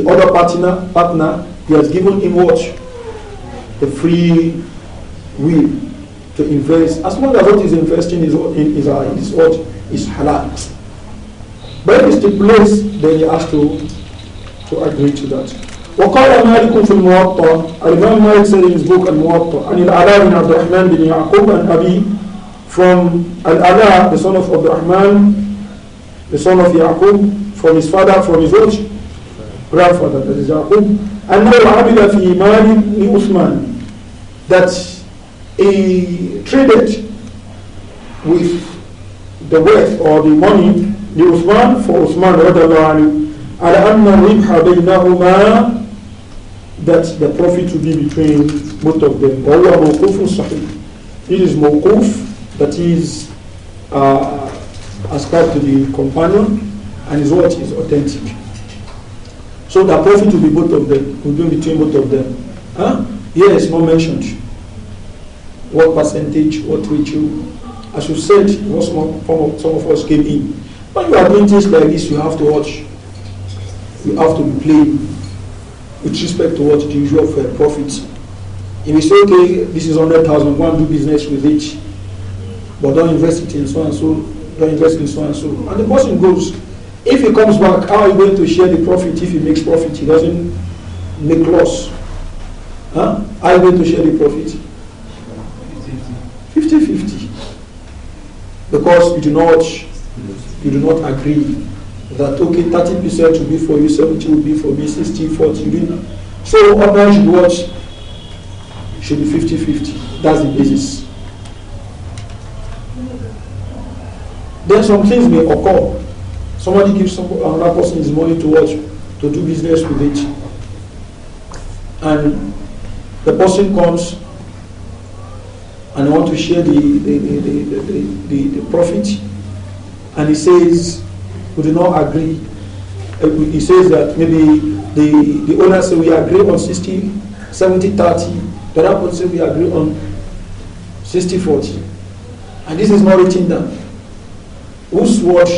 the other partner partner he has given him what the free will to invest as long as what he's investing is what is, uh, is what is halal. But if he stipulates, then he has to to agree to that. وقال مالك في الموطأ الإمام مالك said in his book الموطأ عن العلاء بن عبد الرحمن بن يعقوب عن أبي from العلاء the son of عبد الرحمن the son of يعقوب from his father from his rich grandfather that is يعقوب أنه عبد في مال لعثمان that he traded with the wealth or the money لعثمان for عثمان رضي الله عنه على أن الربح بينهما that the profit will be between both of them. وهو موقوف صحيح. It is موقوف that is uh, ascribed to the companion and is what is authentic. So the profit will be both of them, will be between both of them. Huh? yes, no mentioned. What percentage, what ratio. As you said, some, some of us came in. When you are doing things like this, you have to watch We have to be plain with respect to what the usual for uh, profit. If you say, okay, this is 100,000, go and do business with it, but don't invest it in so and so, don't invest in so and so. And the person goes, if he comes back, how are you going to share the profit if he makes profit? He doesn't make loss. Huh? How are you going to share the profit? 50 50. Because you do not you do not agree that okay 30 percent will be for you 70 will be for me 60 40 will so other should watch should be 50 50 that's the basis then some things may occur somebody gives some, another person his money to watch to do business with it and the person comes and want to share the the, the, the, the, the profit and he says we do not agree. Uh, he says that maybe the, the owner say we agree on 60, 70, 30. The other person say we agree on 60, 40. And this is not written down. Whose watch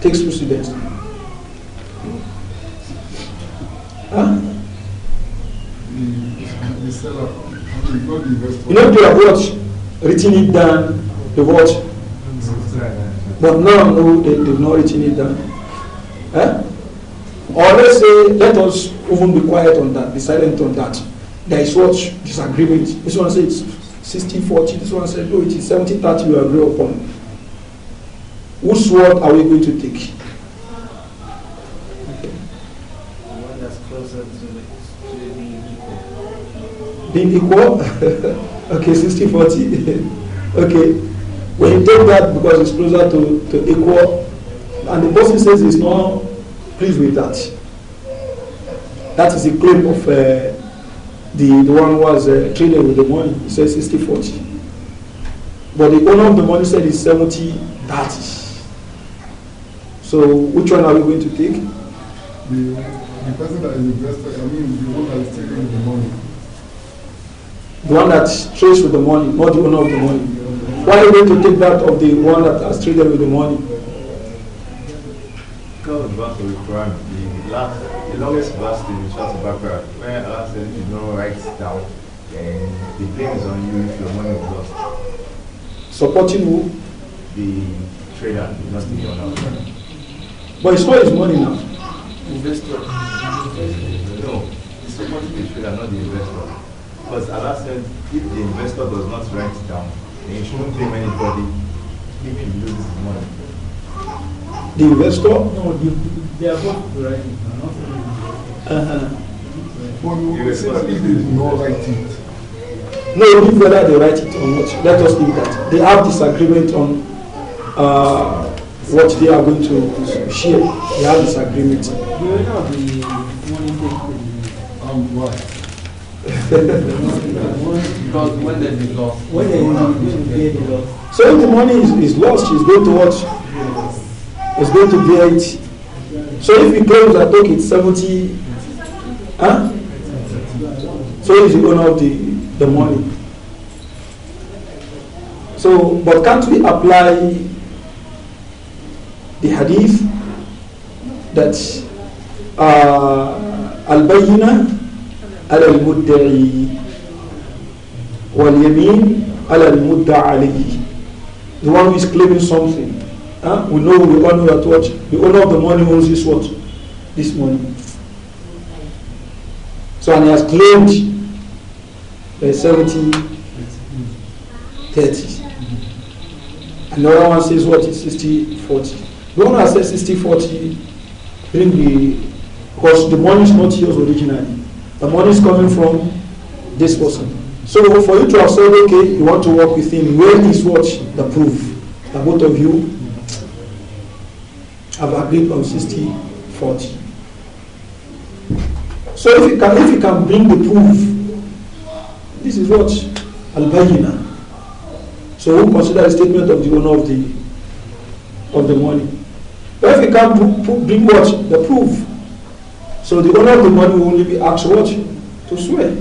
takes precedence? Huh? You know, they have what? Written it down, the watch But now, no, they, they've not written it down. Eh? Or let's say, let us even be quiet on that, be silent on that. There is what disagreement. This one says sixty forty. this one says, no, it is seventy thirty. we agree upon. Whose word are we going to take? Being equal? okay, sixty forty. okay. When you take that because it's closer to, to equal, and the person says he's not pleased with that, that is the claim of uh, the, the one who was uh, traded with the money. He said sixty forty, But the owner of the money said it's seventy thirty. So which one are we going to take? The, the person that is investor. I mean the one that is taking the money. The one that trades with the money, not the owner of the money. Why are you to take that of the one that has traded with the money? Because back the Quran, the last, the longest verse in Surah Al-Baqarah, where Allah said, "If you don't write down, then the blame is on you if your money is lost." Supporting who? The trader, not the owner. But it's not his money now. Investor. No, it's supporting the trader, not the investor. Because Allah said, if the investor does not write down, and you shouldn't blame anybody if you lose money. The investor? No, the, they are both right. Uh-huh. But you will say that if they do write it. No, even whether they write it or not. Let us leave that. They have disagreement on uh, what they are going to share. They have disagreement. Do you know the money um, what? because when there is When there is So if the money is, is lost, she's going to what? Is going to bear it. So if he claims that okay, it's 70, huh? So he's the out the, the money. So, but can't we apply the hadith that uh, al-bayyinah على المدعي واليمين على المدعى عليه the one who is claiming something huh? we know the owner at what the owner of the money owns this what this money so and he has claimed uh, 70 30 another one says what is 60 40 the owner says sixty forty bring the because the money is not yours originally The money is coming from this person. So for you to have said, okay, you want to work with him, where is what? The proof that both of you have agreed on 60 40. So if you can if you can bring the proof, this is what Al-Bayina. So who consider a statement of the owner of the of the money. But if you can bring what? The proof So the owner of the money will only be asked what? To swear.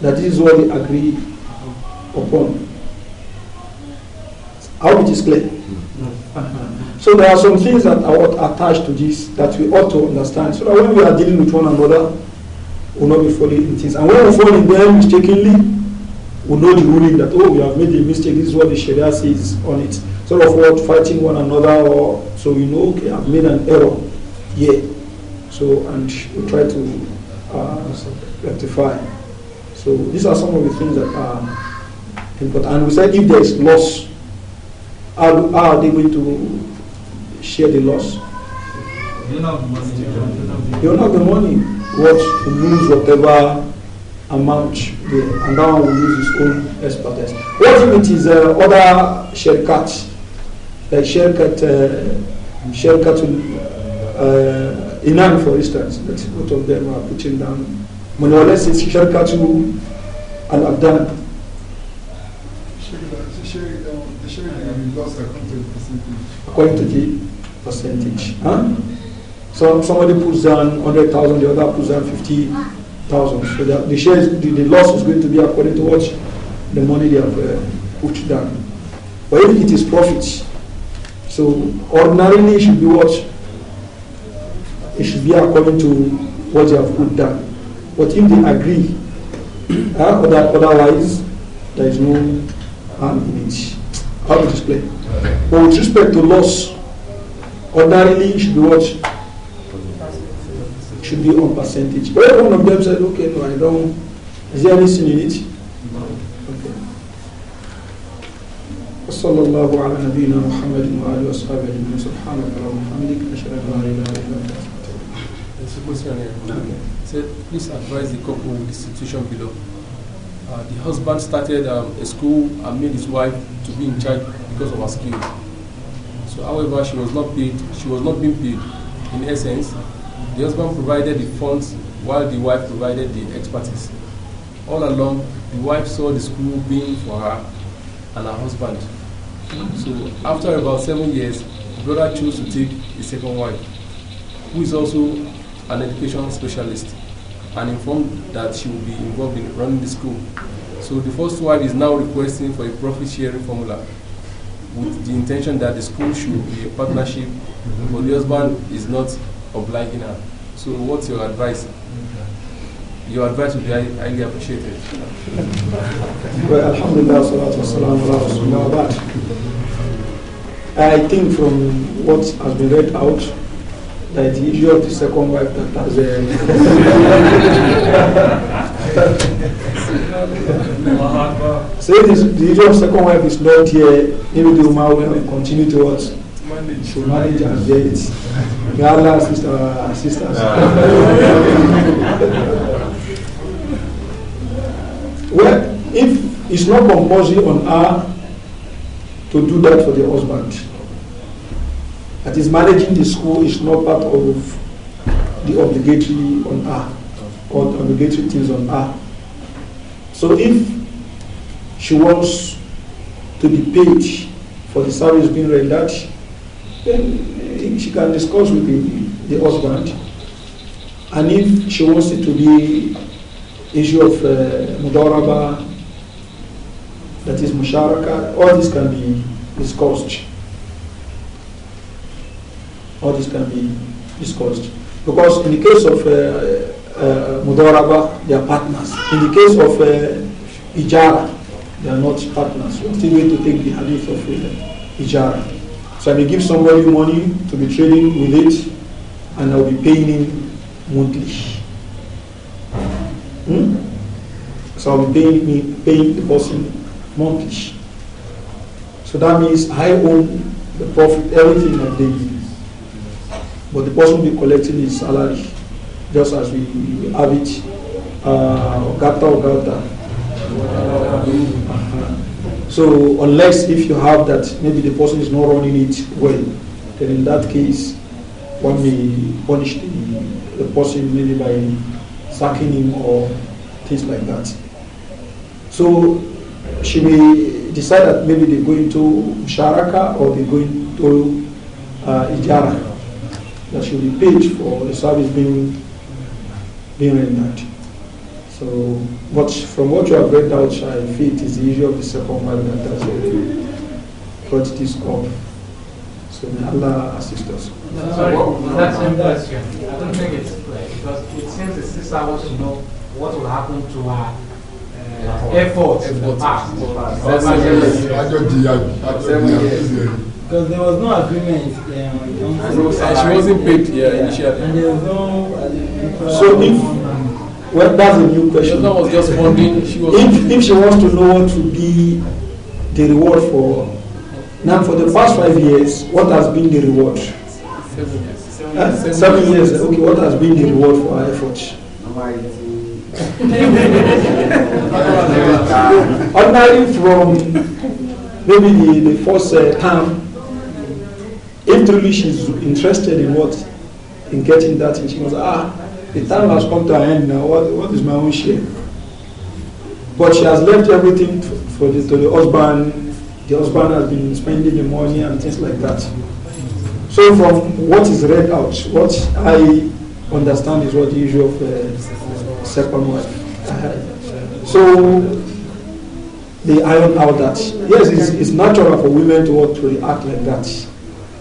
That this is what they agree upon. I hope it is clear. So there are some things that are attached to this that we ought to understand so that when we are dealing with one another, we'll not be falling in things. And when we fall in them mistakenly, we know the ruling that, oh, we have made a mistake, this is what the Sharia says on it. Sort of what, fighting one another, or so we know, okay, I've made an error. Yeah. So, and we try to uh, rectify. So, these are some of the things that are important. And we said if there is loss, how, how are they going to share the loss? They don't have the money. What? Lose whatever amount there. And that one will lose his own expertise. What if it is uh, other shirkat? Like cut. uh, shirkat, uh, Inan, for instance, both of them are uh, putting down. Monolith is Sharkatu al Abdan. According to the percentage. Huh? So somebody puts down 100,000, the other puts down 50,000. So that the, shares, the, the, loss is going to be according to what the money they have uh, put down. But if it is profit, so ordinarily it should be what it should be according to what they have put down. But if they agree, uh, or otherwise, there is no harm in it. How to display? But with respect to loss, ordinarily it should be what? should be on percentage. But one of them said, okay, no, I don't. Is there any sin in it? Okay. وصلى الله على نبينا محمد وآله وصحبه أجمعين سبحانك اللهم وبحمدك أشهد أن لا إله إلا أنت question here. Okay. So please advise the couple with the situation below. Uh, the husband started um, a school and made his wife to be in charge because of her skills. So, however, she was not paid. She was not being paid. In essence, the husband provided the funds while the wife provided the expertise. All along, the wife saw the school being for her and her husband. So, after about seven years, the brother chose to take a second wife, who is also an education specialist and informed that she will be involved in running the school. So the first wife is now requesting for a profit sharing formula with the intention that the school should be a partnership, but the husband is not obliging her. So what's your advice? Your advice would be highly appreciated. well, alhamdulillah, salatu wassalam, I think from what has been read out, like the issue of the second wife this, the issue of second wife is not here maybe the woman will continue to us manage to manage and get it may Allah our sisters well if it's not compulsory on her to do that for the husband That is, managing the school is not part of the obligatory on her or the obligatory things on her. So if she wants to be paid for the service being rendered, then eh, she can discuss with the, the husband. And if she wants it to be issue of uh, eh, mudaraba, that is musharaka, all this can be discussed. all this can be discussed. Because in the case of uh, uh, Mudaraba, they are partners. In the case of uh, Ijara, they are not partners. We are still going to take the hadith of uh, Ijara. So I may give somebody money to be trading with it, and I'll be paying him monthly. Hmm? So I'll be paying, me, paying the person monthly. So that means I own the profit, everything that they the but the person be collecting his salary just as we have it uh, gata or gata. so unless if you have that maybe the person is not running it well then in that case one may punish the, the person maybe by sacking him or things like that so she may decide that maybe they go into sharaka or they go into uh, ijara that should be paid for the service being being rendered. So, but from what you have read out, I feel it is the issue of the second one that has brought this up. So may Allah assist us. No, sorry, that same question. I don't think it's clear because it seems the sister wants to know what will happen to her uh, effort in the past. Seven years. Seven years. Because there was no agreement. Um, she wasn't paid yeah, initially. And there was no. Uh, so if well, that's a new question. That was just funding. She was. If, if she wants to know what would be the reward for, now for the past five years, what has been the reward? Seven years. Seven, uh, seven, years. Okay, what has been the reward for our efforts? Ordinarily from maybe the, the first uh, term if she's interested in what in getting that thing, she must ah, the time has come to an end now. What what is my own share? But she has left everything for the, to the husband. The husband has been spending the money and things like that. So from what is read out, what I understand is what the issue of uh, second wife. so they iron out that yes, it's, it's natural for women to, to react like that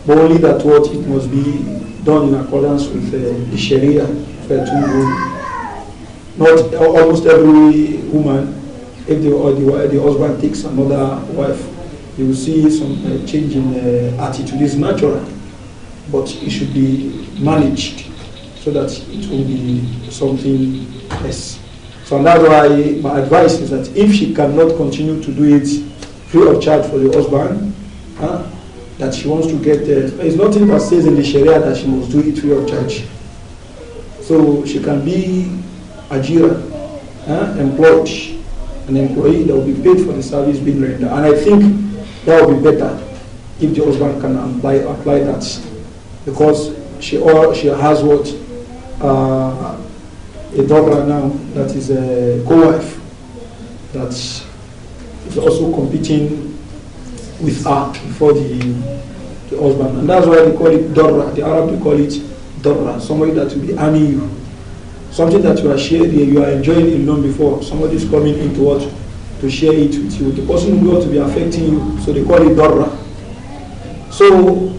but only that what it must be done in accordance with uh, the Sharia fair rule. Not almost every woman, if the, or the, the husband takes another wife, you will see some uh, change in uh, attitude. It's natural, but it should be managed so that it will be something less. So that's why my advice is that if she cannot continue to do it free of charge for the husband, huh, that she wants to get there. There's nothing that says in the Sharia that she must do it free of charge. So she can be jira, eh, employed, an employee that will be paid for the service being rendered. And I think that will be better if the husband can apply, apply that because she or she has what uh, a daughter now that is a co-wife that is also competing with her before the, the husband. And that's why they call it Dorra. The Arab they call it Dorra, somebody that will be harming you. Something that you are sharing, you are enjoying alone before. Somebody is coming into what? To share it with you. The person will to be affecting you, so they call it Dorra. So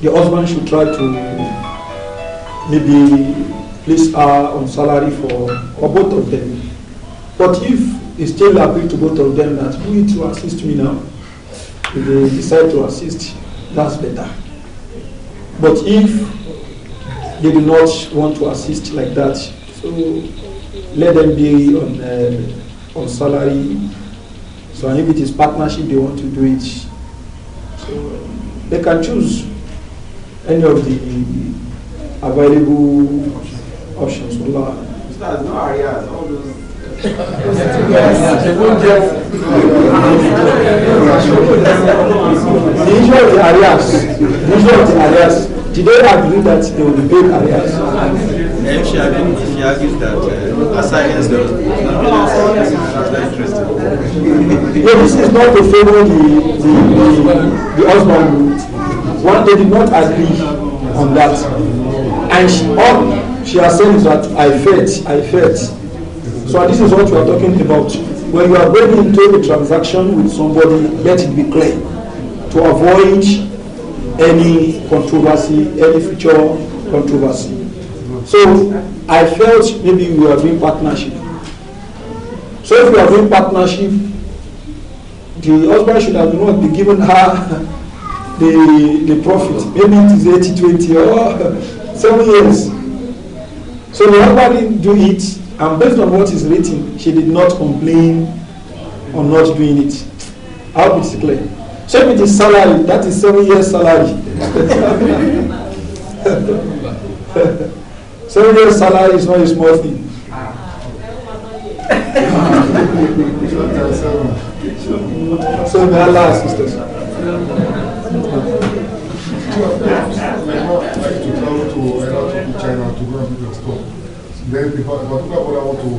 the husband should try to maybe place her on salary for, for both of them. But if he still agree to both of them that you need to assist me now, if they decide to assist, that's better. But if they do not want to assist like that, so let them be on uh, on salary. So and if it is partnership, they want to do it. So they can choose any of the available options. Allah. There's no areas. All those oúnjẹ the issue of the arrears the issue of the arrears did they agree that they will be paid arrears. Um, she, argued, she argues that uh, science does not really interesting. yeah, this is not to favour the, the, the, the husband. One, they did not agree on that. And she, all she has said is that I felt, I felt. So this is what we are talking about. When you are going into a transaction with somebody, let it be clear to avoid any controversy, any future controversy. So I felt maybe we are doing partnership. So if we are doing partnership, the husband should have not be given her the the profit. Maybe it is 80-20 or seven years. So the husband didn't do it And based on what is written, she did not complain on not doing it. How hope it's clear. So if it salary, that is seven years salary. seven years salary is not a small thing. so may Allah assist but what I want to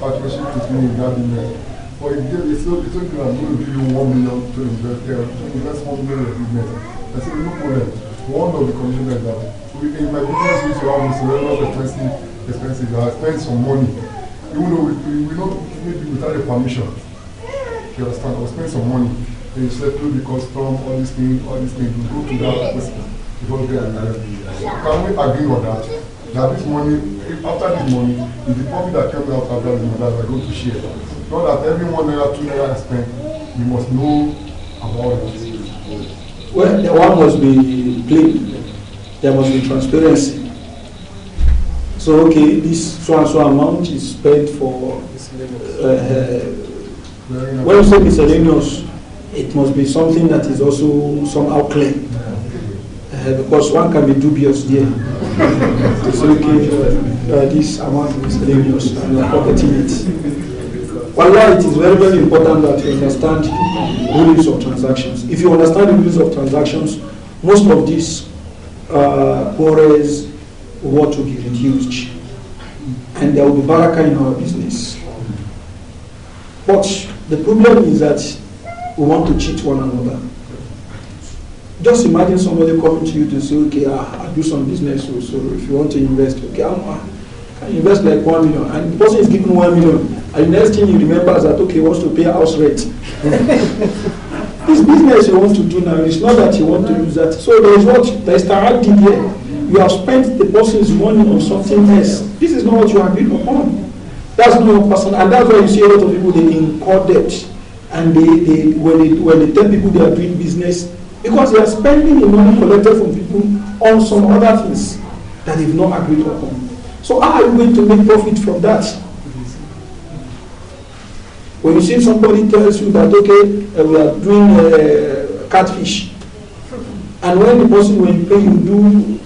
partnership with me in that business. But if going to give you one million to invest there, to invest one million in I said no problem. One of the conditions that in my business which have is very expensive, expensive. I uh, spend some money. Even though we, we, not maybe without permission. You understand? I will spend some money. And you said through the custom, all these things, all these things, you go to that person. Because they are Can we agree on that? That this money, after this money, is the profit that comes out of that money that we're go to share. Not that every one naira, two naira spent, you must know about it. Well, the one must be clean. There must be transparency. So, okay, this so and so amount is spent for. Uh, uh when you say miscellaneous, it must be something that is also somehow clear, Uh, because one can be dubious there. Yeah. so uh, this amount is dangerous and you pocketing it. Wallah, it is very, very important that you understand the rules of transactions. If you understand the rules of transactions, most of these uh, quarrels want to be reduced and there will be baraka in our business. But the problem is that we want to cheat one another. Just imagine somebody coming to you to say, okay, I, ah, I do some business, so, so if you want to invest, okay, I'm, I can invest like one million. And the person is giving one million. And the next thing you remember is that, okay, he wants to pay house rent. this business you want to do now, it's not that you want to use that. So there is what, there is the here. You have spent the person's money on something else. This is not what you are agreed upon. That's not your person. And that's why you see a lot of people, they incur debt. And they, they, when, they, when they tell people they are doing business, Because they are spending the money collected from people on some other things that they've not agreed upon. So how are you going to make profit from that? When you see somebody tells you that, okay, uh, we are doing uh, catfish, and when the person will pay, you do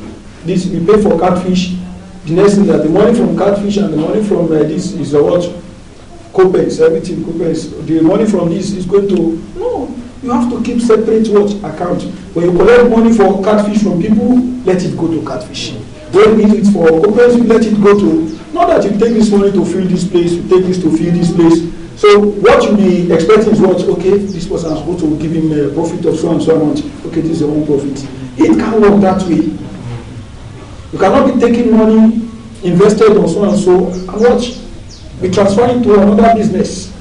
this, you pay for catfish, the next thing that the money from catfish and the money from uh, this is uh, what? Coupons, everything, coupons. The money from this is going to, no, You have to keep separate what account. When you collect money for catfish from people, let it go to catfish. When you need it for opens, let it go to. Not that you take this money to fill this place, you take this to fill this place. So what you be expecting is what? Okay, this person is supposed to give him a profit of so and so amount. Okay, this is your own profit. It can't work that way. You cannot be taking money invested on so and so and watch. Be transferring to another business.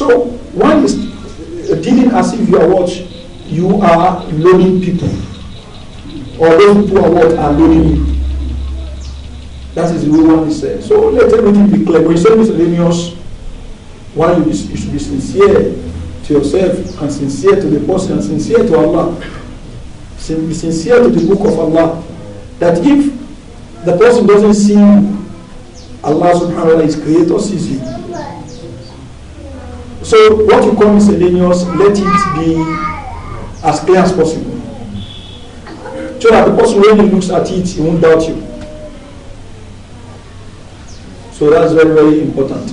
So one is dealing as if you are what you are loaning people, or those people are what are loaning you. That is the way one is said. Eh, so let everything be clear. When you say miscellaneous, one you, you should be sincere to yourself and sincere to the person and sincere to Allah. Be sincere to the book of Allah. That if the person doesn't see you, Allah subhanahu wa ta'ala, his creator sees you. So what you call miscellaneous, let it be as clear as possible. So that the person when he looks at it, he won't doubt you. So that's very, very important.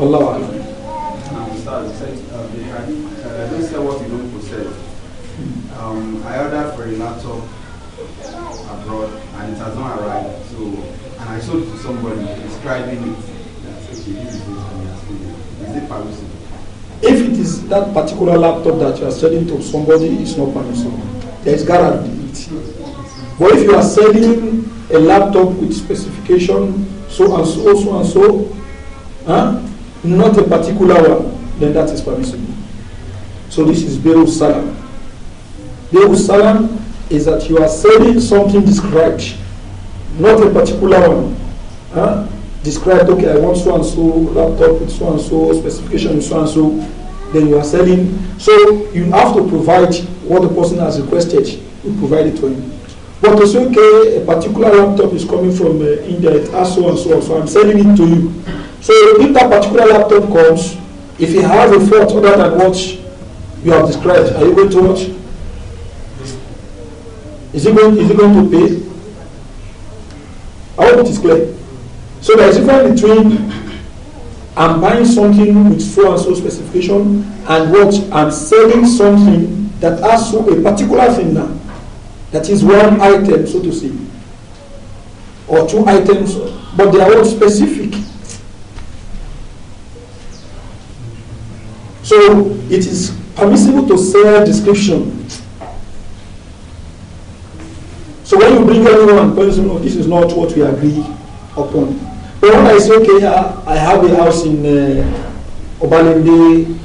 Allah Wallahu alam. Um, I ordered for a laptop abroad and it has not arrived. So, and I showed it to somebody describing it. That's okay, this is it for me. Is it permissible? If it is that particular laptop that you are selling to somebody, it's not permissible. There is guarantee. But if you are selling a laptop with specification so and so, so and so, huh? not a particular one, then that is permissible. So this is Beirut Salam. Beirut Salam is that you are selling something described, not a particular one. Huh? described, okay, I want so and so laptop with so and so, specification with so and so, then you are selling. So you have to provide what the person has requested, you provide it to him. But to say, okay, a particular laptop is coming from uh, India, it has so and so so, I'm selling it to you. So if that particular laptop comes, if it has a fault other than what you have described, are you going to watch? Is it going, is it going to pay? I hope it is clear. So there is difference between I'm buying something with so and so specification and what I'm selling something that has so a particular thing now. That is one item, so to say, or two items, but they are all specific. So it is permissible to sell description. So when you bring anyone, person, oh, this is not what we agree upon. So when I say, okay, I, have a house in uh, Obalende,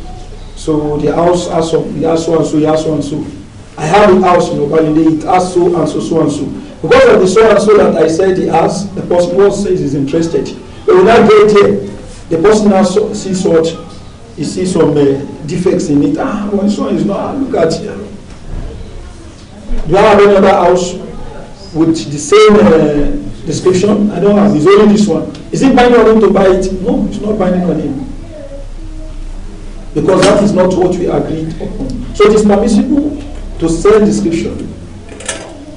so the house has so, has so and so, it has so and so. I have a house in Obalende, it has so and so, so and so. Because of the so and so that I said he has, the person who says he's interested. But when I get here, the person now so, sees what, he sees some uh, defects in it. Ah, my son is not, ah, look at here. Do I have another house with the same uh, description. I don't have. It's only this one. Is it binding on him to buy it? No, it's not binding on him. Because that is not what we agreed upon. So it is permissible to sell description.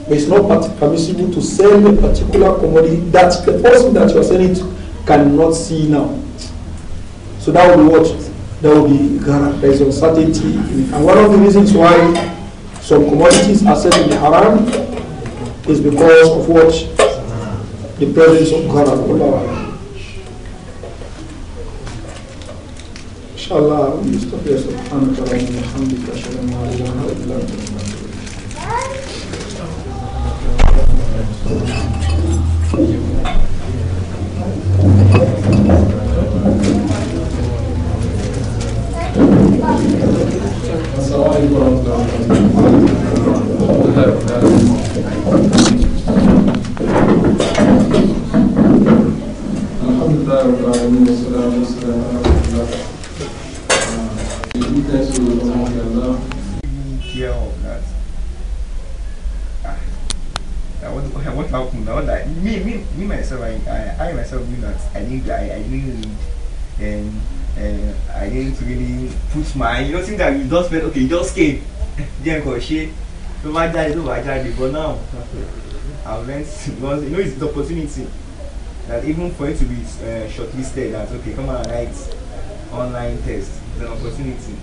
But it's not permissible to sell a particular commodity that the person that you are selling it cannot see now. So that will be what? That will be gara. There is uncertainty. And one of the reasons why some commodities are selling haram is because of what the presence of God and all our lives. Inshallah, we stop here. Subhanahu wa ta'ala, alhamdulillah, shalom, wa ilaha illa Assalamu alaikum warahmatullahi wabarakatuh. رب العالمين والصلاة والسلام to Almighty Allah. Care that. me, me, me myself, I, I, myself knew that I didn't, I, I didn't and and I didn't really put my. You know, think that you just felt okay, you just came. Then got shit. No matter, no matter. But now, I've learned. You know, it's the opportunity that even for it to be uh, shortlisted that okay come and write online test is an opportunity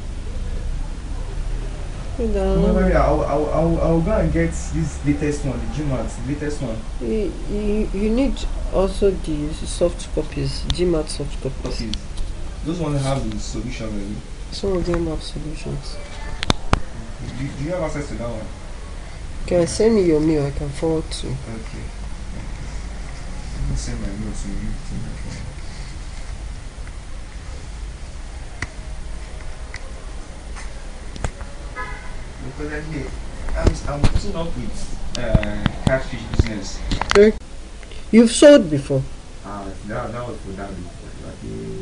no. Don't worry, I'll, I'll, I'll, I'll go and get this latest one, the GMAT, the latest one. You, you, you need also the soft copies, GMAT soft copies. copies. Those ones have the solution already. Some of them have solutions. Do, do you have access to that one? Can I send me your mail? I can forward to. Okay. can my and Because I'm, I'm putting up with uh, catfish business. You've sold before? Uh, that, that was for that before. Like,